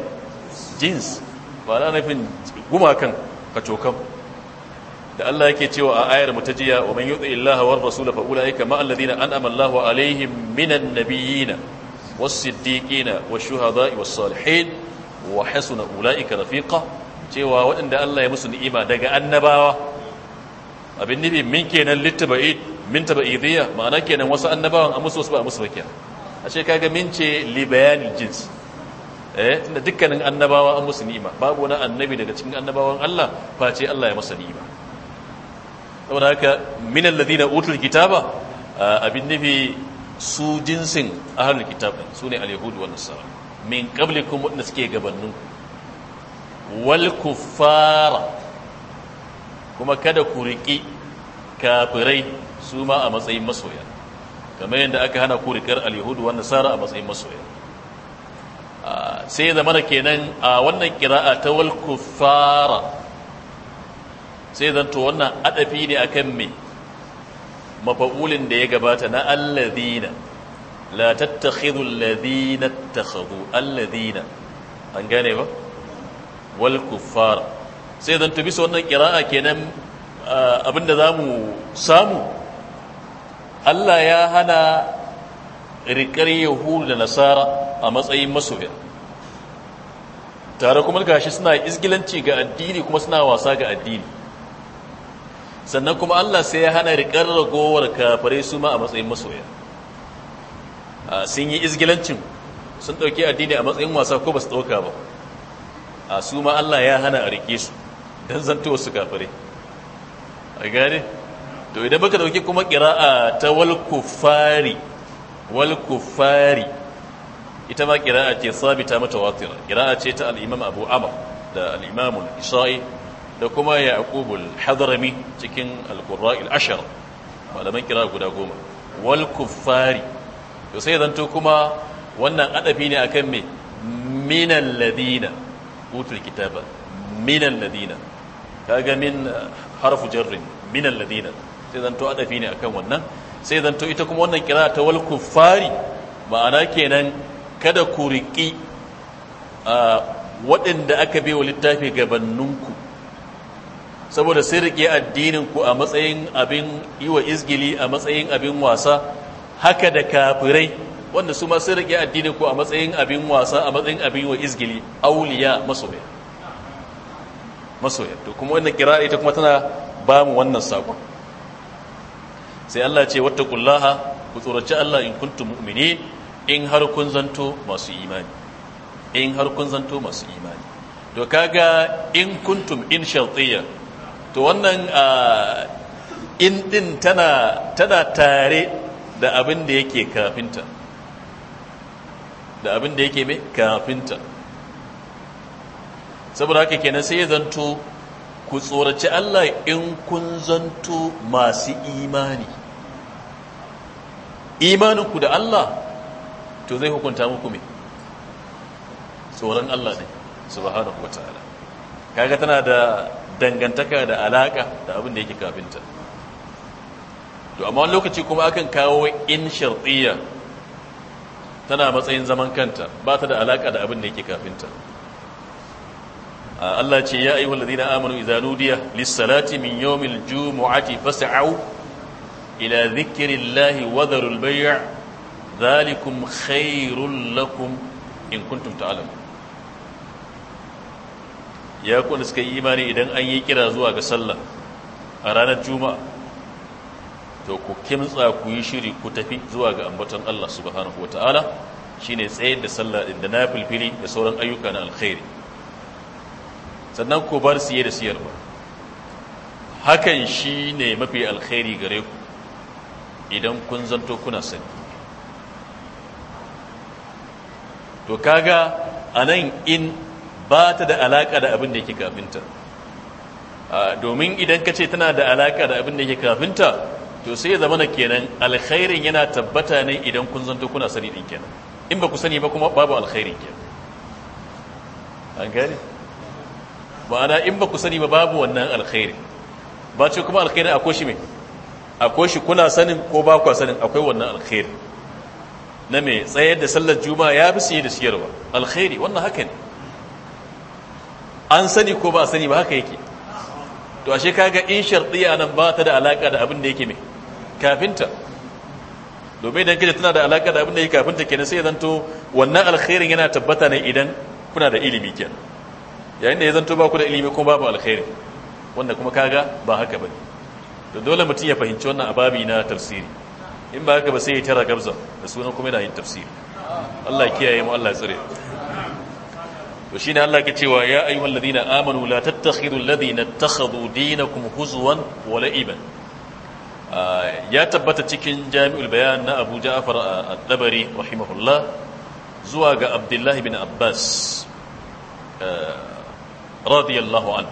jins ba na nufin gumakan kacokan da Allah yake cewa a ayar mutajiya wa man yuti illaha war rasul fa ulaika ma alladhina an'ama Allahu alaihim minan nabiyyin was-siddiqin wash-shuhada'i was-salihin wa hasuna ulaika rafiqa cewa waɗanda Allah ya musu ni'ima daga annabawa abin nabi min kenan ba'id. min tabaidiyya ma'ana kenan wasu annabawan a musu wasu ba a musu ba kenan ashe kaga min ce jins eh tunda dukkanin annabawa an musu ni'ima babu wani annabi daga cikin annabawan Allah face Allah ya masa ni'ima saboda haka min alladhina utul kitaba ah, abin nufi su jinsin ahlul kitab su ne alyahudu nasara min qablikum wanda suke gabanin wal kuffara kuma kada ku riki kafirai su ma a matsayin masoya kamar yadda aka hana ku rikar wanda yahudu a matsayin masoya ah, sai zamana kenan a wannan qira'a ta wal fara sai to wannan adafi ne akan me mafa'ulin da ya gabata na alladhina la tattakhidhu alladhina takhadhu alladhina an gane ba wal kuffara sai to bisa wannan qira'a kenan ah, abinda zamu samu Allah ya hana rikar yahudu da nasara a matsayin masoya tare kuma gashi suna izgilanci ga addini kuma suna wasa ga addini sannan kuma Allah sai ya hana rikar ragowar kafare su ma a matsayin masoya sun yi izgilancin sun ɗauki addini a matsayin wasa ko ba su ɗauka ba a su ma Allah ya hana a rike su don zanto su kafare a gane to idan baka dauki kuma qira'a ta walkufari walkufari ita ma qira'a ce sabita mutawatira qira'a ce ta al-imam Abu Amr da al-imam ishai da kuma yaqubul hadrami cikin al-Qurra' al-Ashar malaman qira'a guda goma walkufari kuffari to sai zanto kuma wannan adafi ne akan me minal ladina utul kitaba minal ladina kaga min harfu jarrin minal ladina sai zanto adafi ne akan wannan sai zanto ita kuma wannan kira ta wal kuffari ma'ana kenan kada ku riƙi waɗanda aka bai wa littafi gabaninku saboda sai riƙe addininku a matsayin abin yi wa izgili a matsayin abin wasa haka da kafirai wanda su ma sai riƙe addininku a matsayin abin wasa a matsayin abin yi wa izgili auliya masoya masoya to kuma wannan kira ita kuma tana ba mu wannan sakon sai Allah ce kullaha, ku tsoraci Allah in kuntu mu'mini in har kun zanto masu imani in har kun zanto masu imani to kaga in kuntum in shartiyya to wannan in din tana tana tare da abin da yake kafinta da abin da yake mai kafinta saboda haka kenan sai ya zanto ku tsoraci Allah in kun zanto masu imani imaninku da Allah to zai hukunta muku me tsoron Allah ne subhanahu wataala kaga tana da dangantaka da alaka da abin da yake kafinta to amma wani lokaci kuma akan kawo in shartiyya tana matsayin zaman kanta ba ta da alaka da abin da yake kafinta Allah ce ya ayyuhal ladina amanu idza nudiya lis-salati min yawmil jumu'ati fas'au ila dhikrillahi wa dharul bay' dhalikum khairul lakum in kuntum ta'lamun ya ku suka yi imani idan an yi kira zuwa ga sallah a ranar juma'a to ku kimtsa ku yi shiri ku tafi zuwa ga ambaton Allah subhanahu wataala shine tsayar da sallah din da nafilfili da sauran ayyuka na alkhairi sannan ku bar siye da siyarwa hakan shi ne mafi alkhairi gare ku idan kun zanto kuna sani to kaga a nan in ba ta da alaƙa da abin da yake kafinta domin idan ka ce tana da alaƙa da abin da yake kafinta to sai ya zama na kenan alkhairin yana tabbata ne idan kun zanto kuna sani din kenan in ba ku sani ba kuma babu alkhairin kenan an gane ma'ana in ba ku sani ba babu wannan alkhairi ba ce kuma alkhairi a koshi mai a koshi kuna sanin ko ba ku sanin akwai wannan alkhairi na mai tsayar da sallar juma ya fi siye da siyarwa alkhairi wannan haka ne an sani ko ba sani ba haka yake to shekara ga in a nan ba ta da alaƙa da abin da yake mai kafinta domin idan kaje tana da alaƙa da abin da yake kafinta kenan sai zanto wannan alkhairin yana tabbata ne idan kuna da ilimi kenan yayin da ya zanto ba ku da ilimi kuma babu alkhairi wanda kuma kaga ba haka bane to dole mutum ya fahimci wannan ababi na tafsiri in ba haka ba sai ya tara gabza da sunan kuma yana yin tafsiri Allah kiyaye mu Allah tsare to shine Allah ke cewa ya ayyuhal ladina amanu la tattakhidul ladina ittakhadhu dinakum huzwan wa la'iban ah, ya tabbata cikin jami'ul bayan na Abu Ja'far al-Dabari rahimahullah zuwa ga Abdullah ibn Abbas ah, radiyallahu an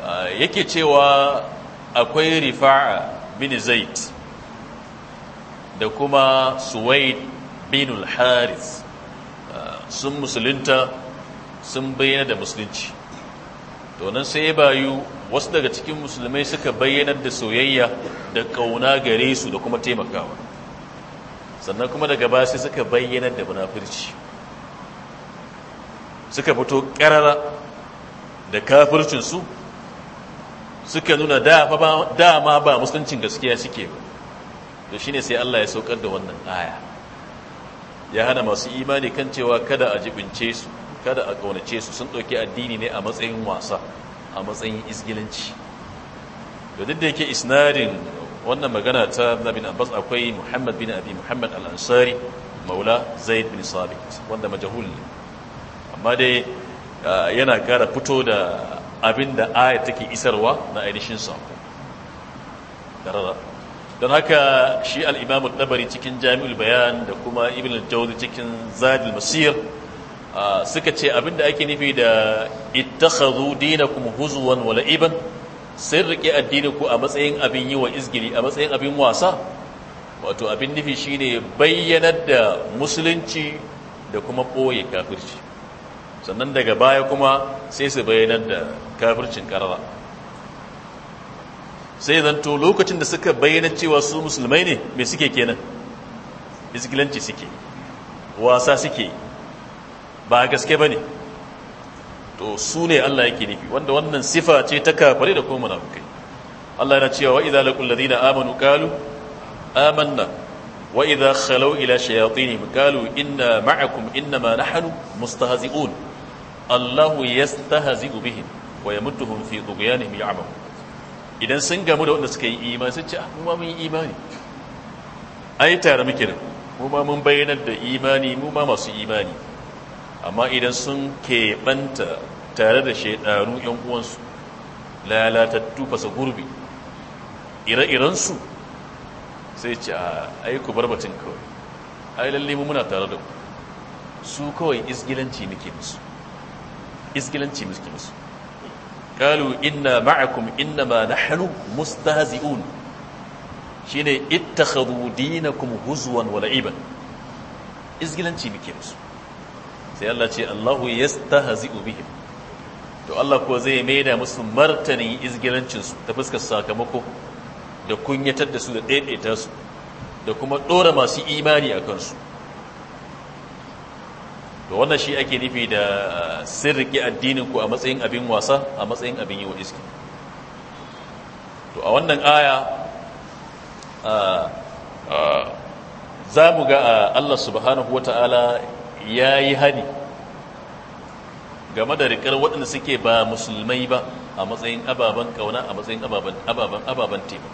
ah, yake cewa akwai rifa'a bin zaid da kuma suwaid bin al-haris ah, sun musulunta sun bayyana da musulunci to nan sai ya bayu wasu daga cikin musulmai suka bayyanar da soyayya da kauna gare su da kuma taimakawa sannan kuma daga ba sai suka bayyanar da munafirci suka fito ƙarara da kafircinsu suka nuna dama ba musuluncin gaskiya suke ba da shi sai Allah ya saukar da wannan aya ya hana masu imani kan cewa kada a jibince su kada a ƙaunace su sun ɗauki addini ne a matsayin wasa a matsayin izgilanci da duk da yake isnadin wannan magana ta nabin abbas akwai muhammad bin abi muhammad al-ansari maula zaid bin sabit wanda majahul amma dai yana kara fito da abin da ayat take isarwa na ainihin sako don haka shi al'imamu ɗabari cikin jami'ul bayan da kuma ibn al-jawzi cikin zadil masir suka ce abin da ake nufi da ittakhadhu dinakum huzuwan wa la'iban sai rike addininku a matsayin abin yi wa izgiri a matsayin abin wasa wato abin nufi shine bayyanar da musulunci da kuma ɓoye kafirci sannan daga baya kuma sai su bayyana da kafircin karara sai zanto lokacin da suka bayyana cewa su musulmai ne mai suke kenan izgilanci suke wasa suke ba gaske ba ne to su ne Allah yake nufi wanda wannan sifa ce ta kafare da kuma munafukai Allah yana cewa wa'iza laqul ladina amanu qalu amanna wa khalaw ila shayatinihim qalu inna ma'akum inma nahnu mustahzi'un Allahu yastahzi'u bihim wa yamudduhum fi tughyanihim ya'mal idan sun gamu da wanda suka yi iman sun ce a ah, kuma mun yi imani ai tare muke da mu ma mun bayyana da imani mu ma masu imani amma idan sun keɓanta tare da shaidanu yan uwansu lalatattu fasa gurbi ire-irensu sai ce a ah, bar batun kawai ai lalle mu muna tare da ku su kawai isgilanci muke musu Izgilanci musu musu inna ma'akum inna ma nahnu mustahzi'un shine ittakhadhu dinakum huzwan wa la'iban isgilanci muke musu sai Allah ce Allahu yastahzi'u bihim to Allah ko zai maida musu martani izgilancin su ta fuskar sakamako da kunyatar da su da daidaita su da kuma dora masu imani a kansu to wannan shi ake nufi da uh, sirriki addinin ku a matsayin abin wasa a matsayin abin yi wa iski to a wannan aya uh, uh, za mu ga Allah subhanahu wata'ala ya yi hani game da rikar waɗanda suke ba musulmai ba a matsayin ababen kauna a matsayin ababen tema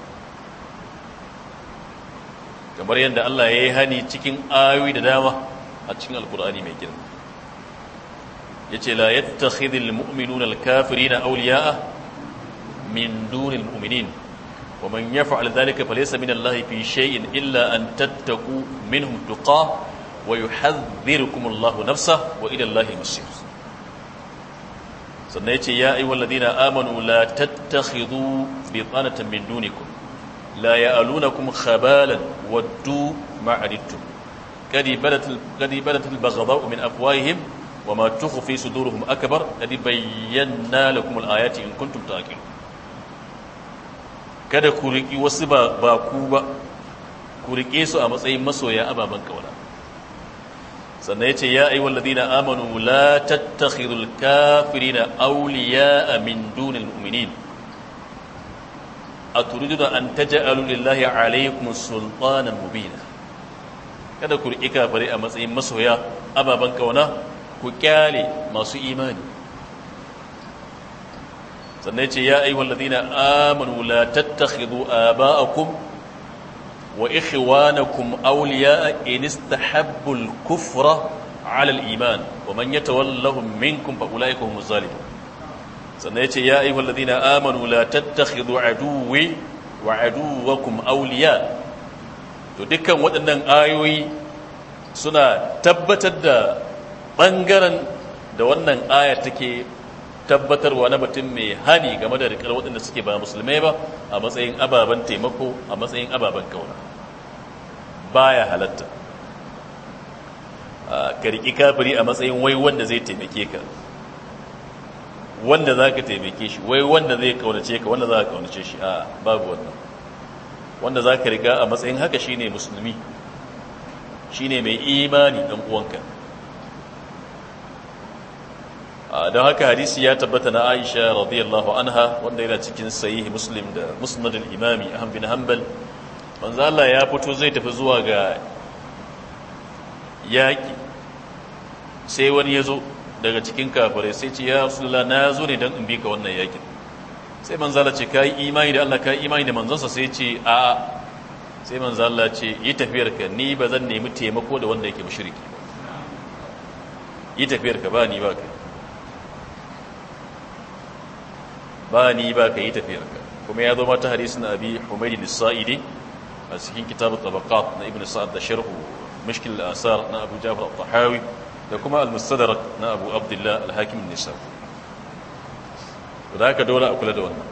kamar yadda Allah ya yi hani cikin ayoyi da dama a cikin alkur'ani mai girma yace la yattakhidhul mu'minuna al-kafirina awliya'a min dunil mu'minin wa man yaf'al dhalika falaysa min Allahi fi shay'in illa an tattaqu min tuqa wa yuhadhdhirukum Allahu nafsa wa ila Allahi masir sannan yace ya ayyuhal ladina amanu la tattakhidhu bitanatan min dunikum la ya'alunakum khabalan waddu ma'anittum قد بدت قد بدت البغضاء من افواههم وما تخفي صدورهم اكبر قد بينا لكم الايات ان كنتم kada ku riƙi wasu ba ku ba ku riƙe su a matsayin masoya ababen kauna sannan yace ya ayyuhal ladina amanu la tattakhidul kafirina awliya'a min dunil mu'minin aturiduna an taj'alu lillahi alaykum sultanan mubina kada ku riƙi fari a matsayin masoya ababen kauna ku kyale masu imani sannan ce ya ayyuhal ladina amanu la tattakhidhu aba'akum wa ikhwanakum awliya'a in istahabbu al-kufra 'ala al-iman wa man yatawallahum minkum fa ulaika humu zalimun sannan ya ce ya ayyuhal ladina amanu la tattakhidhu aduwwi wa aduwwakum awliya'a to dukkan waɗannan ayoyi suna tabbatar da ɓangaren da wannan ayar take tabbatarwa na batun mai hani game da rikar waɗanda suke ba musulmai ba a matsayin ababen taimako a matsayin ababen kauna baya halatta ka riƙi kafiri a matsayin wai wanda zai taimake ka wanda za ka taimake shi wai wanda zai kaunace ka wanda za ka kaunace shi a babu wannan wanda za ka riga a matsayin haka shine musulmi shine mai imani ɗan uwanka don haka hadisi ya tabbata na aisha radiyallahu anha wanda yana cikin sayi muslim da musulmanin imami a bin hanbal wanzu Allah ya fito zai tafi zuwa ga yaƙi sai wani ya zo daga cikin kafirai sai ce ya rasulullah na zo ne don in bi ka wannan yaƙin sai manzala ce ka yi imani da Allah ka yi imani da manzansa sai ce a sai manzala ce yi tafiyarka ni ba zan nemi taimako da wanda yake mushriki yi tafiyarka ba ni ba ka ba ni ba ka yi tafiyarka kuma ya zo mata hadisin abi humaydi lisaidi a cikin kitabut tabaqat na ibn sa'ad da sharhu mushkil asar na abu jafar al-tahawi da kuma al-mustadrak na abu abdullah al-hakim an da haka dole a kula da wannan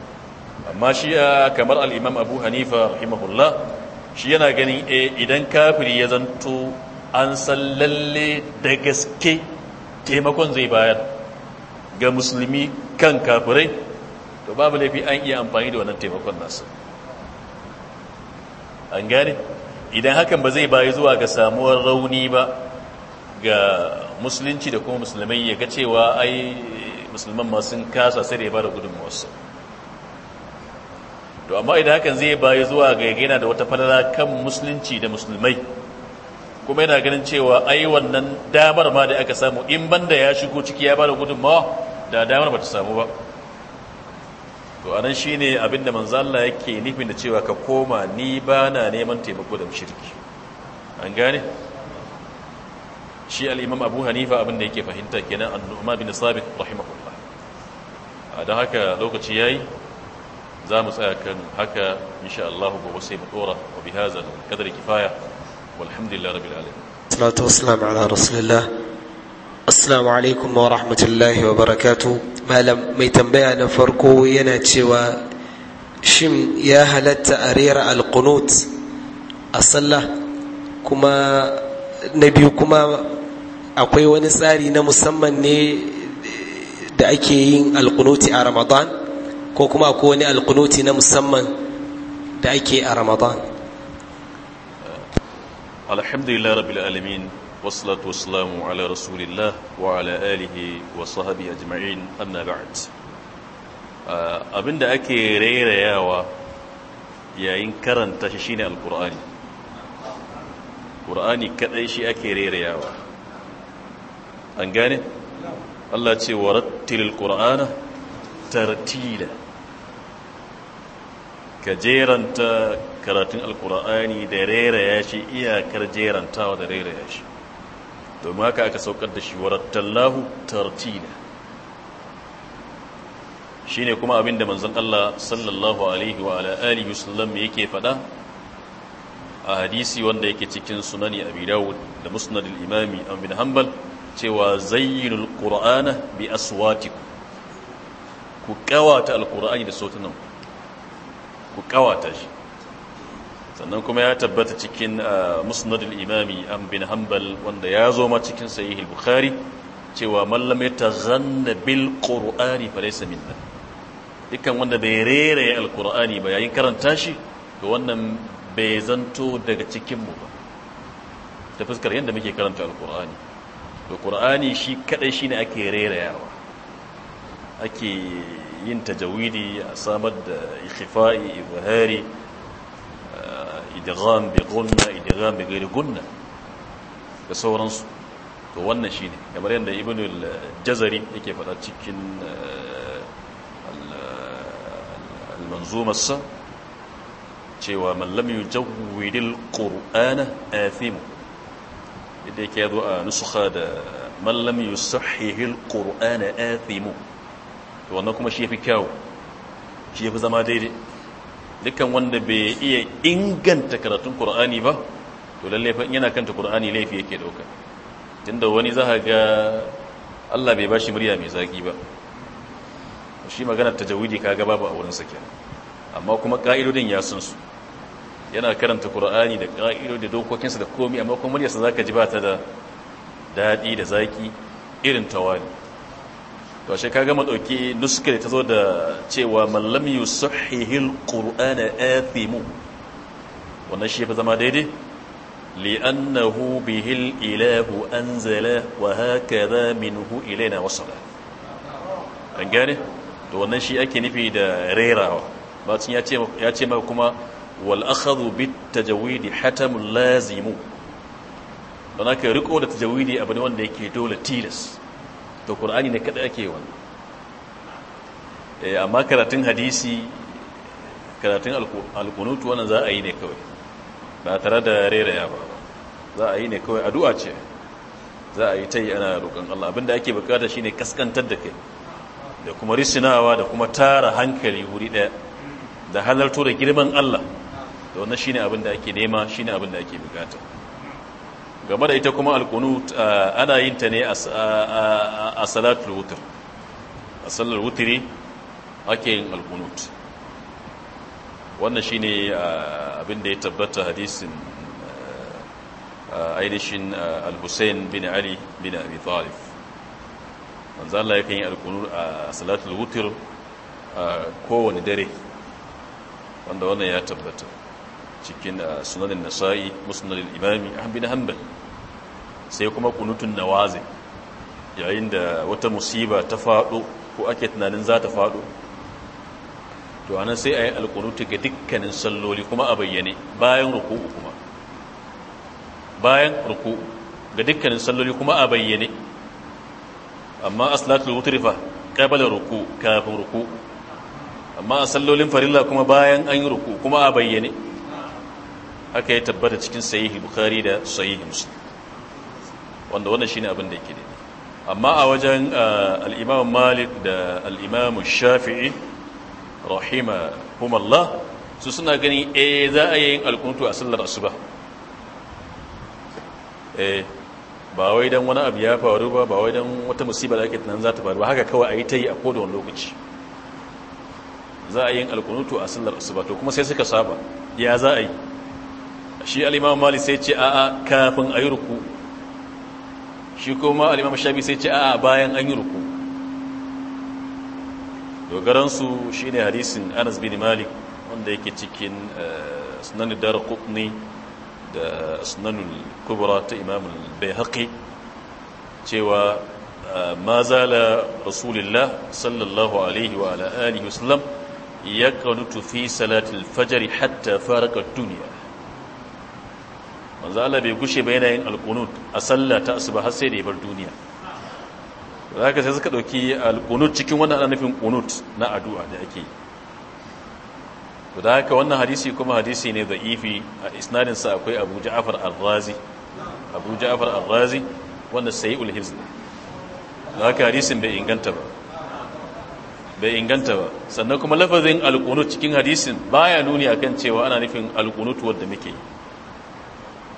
amma shi kamar al'imam abu hanifa rahimahullah shi yana ganin e idan kafiri ya zanto an san lalle da gaske taimakon zai bayar ga musulmi kan kafirai to babu laifi an iya amfani da wannan taimakon nasu an gane idan hakan ba zai bayi zuwa ga samuwar rauni ba ga musulunci da kuma musulmai ya ga cewa ai musulman ma sun kasa sai da ya bada gudunmawarsa to amma idan hakan zai bayi zuwa ga yagina da wata falala kan musulunci da musulmai kuma yana ganin cewa ai wannan damar ma da aka samu in banda ya shigo ciki ya bada gudunmawa da damar ba ta samu ba to anan shine abinda manzo Allah yake nufin da cewa ka koma ni ba na neman taimako da shirki an gane shi al'imam abu hanifa abin da yake fahimta kenan al'umma bin sabit rahimahullah don haka lokaci ya yi za mu tsaya kan haka insha Allah gobe sai mu dora wa bi haza hazal kadar kifaya walhamdulillah rabbil alamin salatu wassalamu ala rasulillah assalamu alaikum wa rahmatullahi wa barakatu. malam mai tambaya na farko yana cewa shin ya halatta a rera alqunut a sallah kuma na biyu kuma akwai wani tsari na musamman ne da ake yin alkunuti a ramadan ko kuma akwai wani alkunuti na musamman da ake a ramadan alhamdulillah rabbil alamin wasalatu wasalamu ala rasulillah wa ala alihi wa sahabi ajma'in amma ba'd abinda ake rairayawa yayin karanta shi shine alkur'ani ƙur'ani kaɗai shi ake rerayawa an gane Allah ce wa rattilil ƙur'ana tartila ka jeranta karatun alƙur'ani da reraya shi iyakar jerantawa da reraya shi domin haka aka saukar da shi wa rattallahu tartila shi ne kuma abin da manzan Allah sallallahu alaihi wa ala'alihi wasallam yake faɗa a hadisi wanda yake cikin sunani abi dawud da musnad al-imami an bin hanbal cewa zayyinul qur'ana bi aswatikum ku kawata alqur'ani da sautunan ku kawata shi sannan kuma ya tabbata cikin musnad al-imami an bin hanbal wanda ya zo ma cikin sahih al-bukhari cewa man lam yatazanna bil qur'ani falaysa minna dukkan wanda bai rere alqur'ani ba yayin karanta shi to wannan bai zanto daga cikinmu ba ta fuskar yadda muke karanta alkur'ani da kur'ani shi kadai shi ne ake rerayawa ake yin tajawidi a samar da ikhifa'i ibhari eh, idgham bi gunna idgham bi ghairi gunna da sauransu to wannan shi ne kamar yadda ibn jazari yake faɗa cikin eh, al-manzumarsa cewa mallam yi jawwidil ƙur'ana a fimu da yake zo a nusuka da mallam yi sahihil ƙur'ana a fimu da wannan kuma shi fi shi zama daidai dukkan wanda bai iya inganta karatun ƙur'ani ba to lallai yana kanta ƙur'ani laifi yake dauka tunda wani za ga allah bai bashi murya mai zaki ba shi maganar ka kaga babu a wurin sa kenan amma kuma ka'idodin ya sansu. yana karanta Qur'ani da ƙa'ido da dokokinsa da komi amma kuma muryarsa ka ji ba ta da daɗi da zaƙi irin tawani to ka gama ɗauki nuska nuskar ta zo da cewa mallam man lam yusahhihil qur'ana athimu wannan shi ya fi zama daidai li'annahu bihil ilahu anzala wa hakadha minhu ilaina da. an gane to wannan shi ake nufi da rerawa bacin ya ya ce maka kuma wal akhadhu bit tajawidi hatamun lazimu don haka riko da tajawidi abu ne wanda yake dole tilas to qur'ani ne kada ake wannan eh, amma karatun hadisi karatun alkunutu wannan za a yi ne kawai ba tare da reraya ba za a yi ne kawai addu'a ce za a yi ta yi ana roƙon Allah abinda ake bukata shine kaskantar da kai da kuma risinawa da kuma tara hankali wuri ɗaya da halarto da girman Allah da wannan shine abin da ake nema shine abin da ake bukata game da ita kuma alqunut ana yin ta ne a salatul wutr a sallar wutri ake yin alqunut wannan shine abin da ya tabbata hadisin ainihin al-Husayn bin Ali bin Abi Talib manzo Allah yakan yin alqunut a salatul wutr kowane dare wanda wannan ya tabbata cikin eh, sunanin nasa'i musnadin imami ahmad bin hanbal sai kuma kunutun nawazi yayin da wata musiba ta faɗo ko ake tunanin za ta faɗo to ana sai a yi alkunutu ga dukkanin salloli kuma a bayyane bayan ruku'u kuma bayan ruku'u ga dukkanin salloli kuma a bayyane amma aslatul wutrifa qabala ruku kafin ruku amma a sallolin farilla kuma bayan an yi ruku kuma a bayyane haka ya tabbata cikin sahihi bukhari da sahihi muslim wanda wannan shine abin da yake da amma a wajen uh, al-imam malik da al-imam shafi'i rahimahumallah su suna ganin eh za a yi alkuntu a sallar asuba eh ba wai dan wani abu ya faru ba ba wai dan wata musiba da ake tunan za ta faru ba haka kawai a yi ta yi a kodon lokaci za a yi alkunutu a sallar asuba to kuma sai suka saba ya za a yi shi al'imam mali sai ce a'a kafin a yi ruku shi kuma al'imam shabi sai ce a'a bayan an yi ruku dogaransu shi ne hadisin anas bin malik wanda yake cikin eh, sunanin dara kutni da sunanin kubra ta imamun bai haƙi cewa eh, ma zala rasulullah sallallahu alaihi wa ala'alihi wasallam ya kanutu fi salatul fajari hatta faraka duniya manzo Allah bai gushe ba yana yin a sallah ta asuba har sai da ya bar duniya ka sai suka dauki alkunut cikin wannan ana nufin kunut na addu'a da ake to da haka wannan hadisi kuma hadisi ne ifi a isnadin sa akwai Abu Ja'far al razi Abu Ja'far al razi wanda ul hizn da haka hadisin bai inganta ba bai inganta ba sannan kuma lafazin alkunut cikin hadisin baya nuni akan cewa ana nufin alkunut wanda muke yi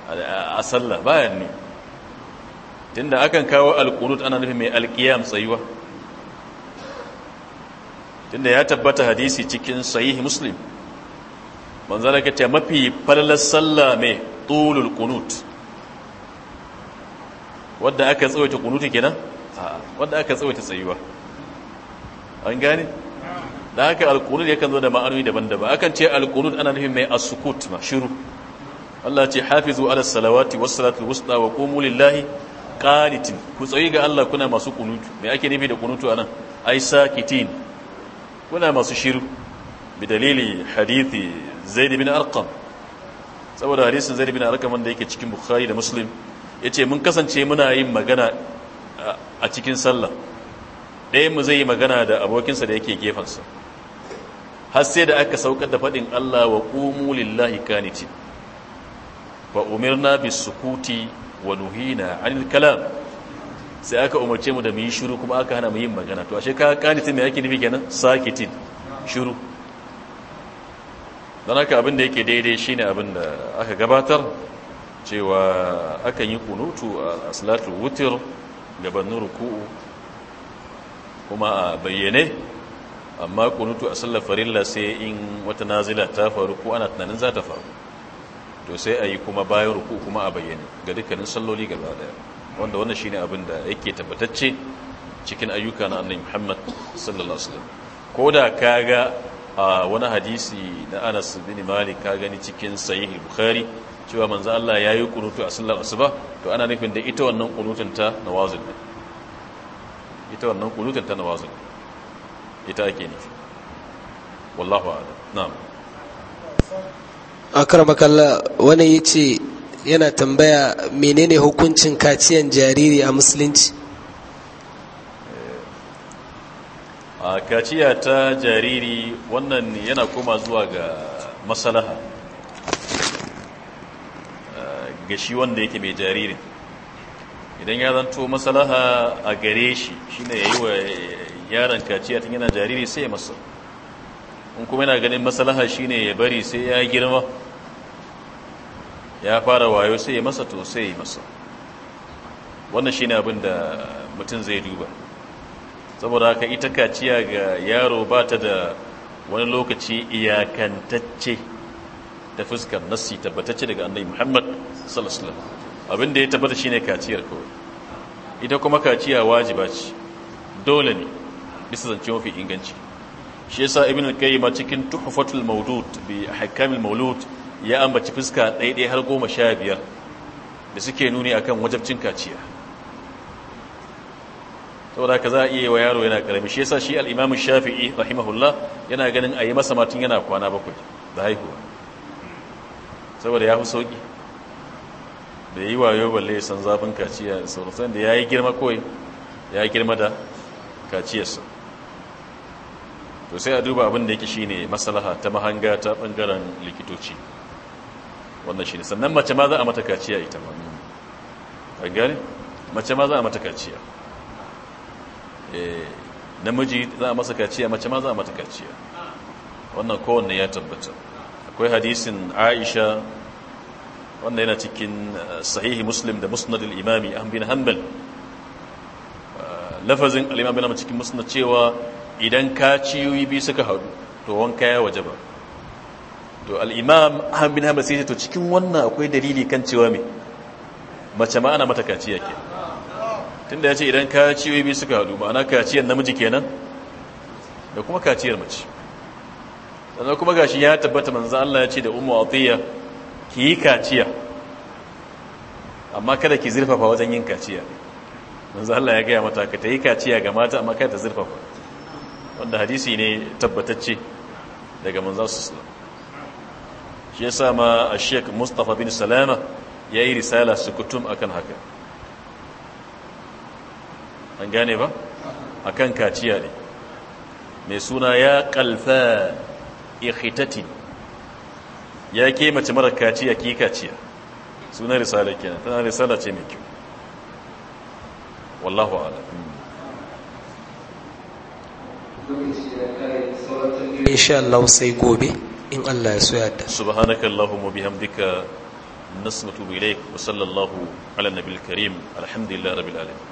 a sallah bayan ne tunda akan kawo alkunut ana nufin mai alkiyam tsayuwa tunda ya tabbata hadisi cikin sahihi muslim manzo da kace mafi falalar sallah mai tulul kunut wadda aka tsawaita kunuti kenan wadda aka tsawaita tsayuwa an gane da haka alkunut yakan zo da ma'anoni daban-daban akan ce alkunut ana nufin mai asukut ma shiru Allah ce hafizu ala salawati was salatu wusta wa qumu lillahi qanitin ku tsayi ga Allah kuna masu kunutu me ake nufi da kunutu anan ai sakitin kuna masu shiru bidalili hadithi zaid bin arqam saboda hadisin zaid bin arqam wanda yake cikin bukhari da muslim yace mun kasance muna yin magana a cikin sallah ɗayan mu zai yi magana da abokinsa da yake gefensa har sai da aka saukar da faɗin Allah wa qumu lillahi qanitin wa umirna bis sukuti wa nuhina anil kalam sai aka umarce mu da mu yi shiru kuma aka hana mu yin magana to ashe ka kanitin me yake nufi kenan sakitin shiru dan haka abin da yake daidai shine abin da aka gabatar cewa aka yi kunutu a salatul wutir gabanin ruku'u kuma a bayyane amma kunutu a sallar farilla sai in wata nazila ta faru ko ana tunanin za ta faru to sai a yi kuma bayan ruku kuma a bayyane ga dukkanin salloli gaba daya wanda wannan shine abin da yake tabbatacce cikin ayyuka na annabi Muhammad sallallahu alaihi wasallam ko da kaga wani hadisi na Anas bin Malik ka gani cikin sahih Bukhari cewa manzo Allah yayi kunutu a sallar asuba to ana nufin da ita wannan kunutun ta nawazil ita wannan kunutun ta nawazil ita ake nufi wallahu a'lam na'am akarmakalla wani ya ce yana tambaya menene hukuncin kaciyan jariri a musulunci a kaciya ta jariri wannan yana koma zuwa ga masalaha eh, ga shi wanda yake mai jariri, idan ya zanto masalaha a gare shi shine ya yi wa yaron kaciya tun yana jariri sai ya masa in kuma yana ganin masalaha shine ya bari sai ya girma ya fara wayo sai ya masa to sai ya masa wannan shi ne abin da mutum zai duba saboda haka ita kaciya ga yaro ba ta da wani lokaci iyakantacce ta fuskar nassi tabbatacce daga annai Muhammad sallallahu abin da ya tabbata shi ne kaciyar kawai ita kuma kaciya wajiba ce dole ne bisa zance mafi inganci shi yasa ibn al-qayyim cikin tuhfatul mawdud bi ahkamil mawlud ya ambaci fuska ɗaiɗai har goma sha biyar da suke nuni akan wajabcin kaciya saboda haka za a iya yi wa yaro yana ƙarami shi ya sa shi al'imamin Shafi'i rahimahullah yana ganin a yi masa matun yana kwana bakwai da haihuwa saboda ya fi sauƙi da yi wayo balle san zafin kaciya da sauransu da ya yi girma kawai ya yi girma da kaciyarsa to sai a duba abin da yake ne masalaha ta mahanga ta ɓangaren likitoci wannan shi ne sannan mace ma za a mata kaciya ita ma an mace ma za a mata kaciya eh, namiji za a masa kaciya mace ma za a mata kaciya wannan kowanne ya tabbata akwai hadisin aisha wannan yana cikin eh, sahihi muslim da musnad imami ahmad hanbal eh, lafazin al na cikin musnad cewa idan ka ciyoyi bi suka haɗu to wanka ya waje ba to al'imam ahambin hamad sai to cikin wannan akwai dalili kan cewa mai mace ma'ana mata kaciya ke tun da ya ce idan kaciyoyi biyu suka haɗu ma'ana kaciyar namiji kenan da kuma kaciyar mace sannan kuma gashi ya tabbata manzan Allah ya ce da umu atiyya ki yi kaciya amma kada ki zurfafa wajen yin kaciya manzan Allah ya gaya mata ka ta yi kaciya ga mata amma kada ta zurfafa wanda hadisi ne tabbatacce daga manzan su sulam shi yasa ma a sheik mustapha bin salama ya yi risala su sukutum akan haka an gane ba kan kaciya ne mai suna ya kalfa ikhitati ya ke mace mara kaciya ki kaciya suna risala kenan tana risala ce mai kyau wallahu ala insha Allah sai gobe in Allah ya soya ta subhanakallahumma bihamdika nasmatu bilayk wa sallallahu ala nabiyil karim alhamdulillahi rabbil alamin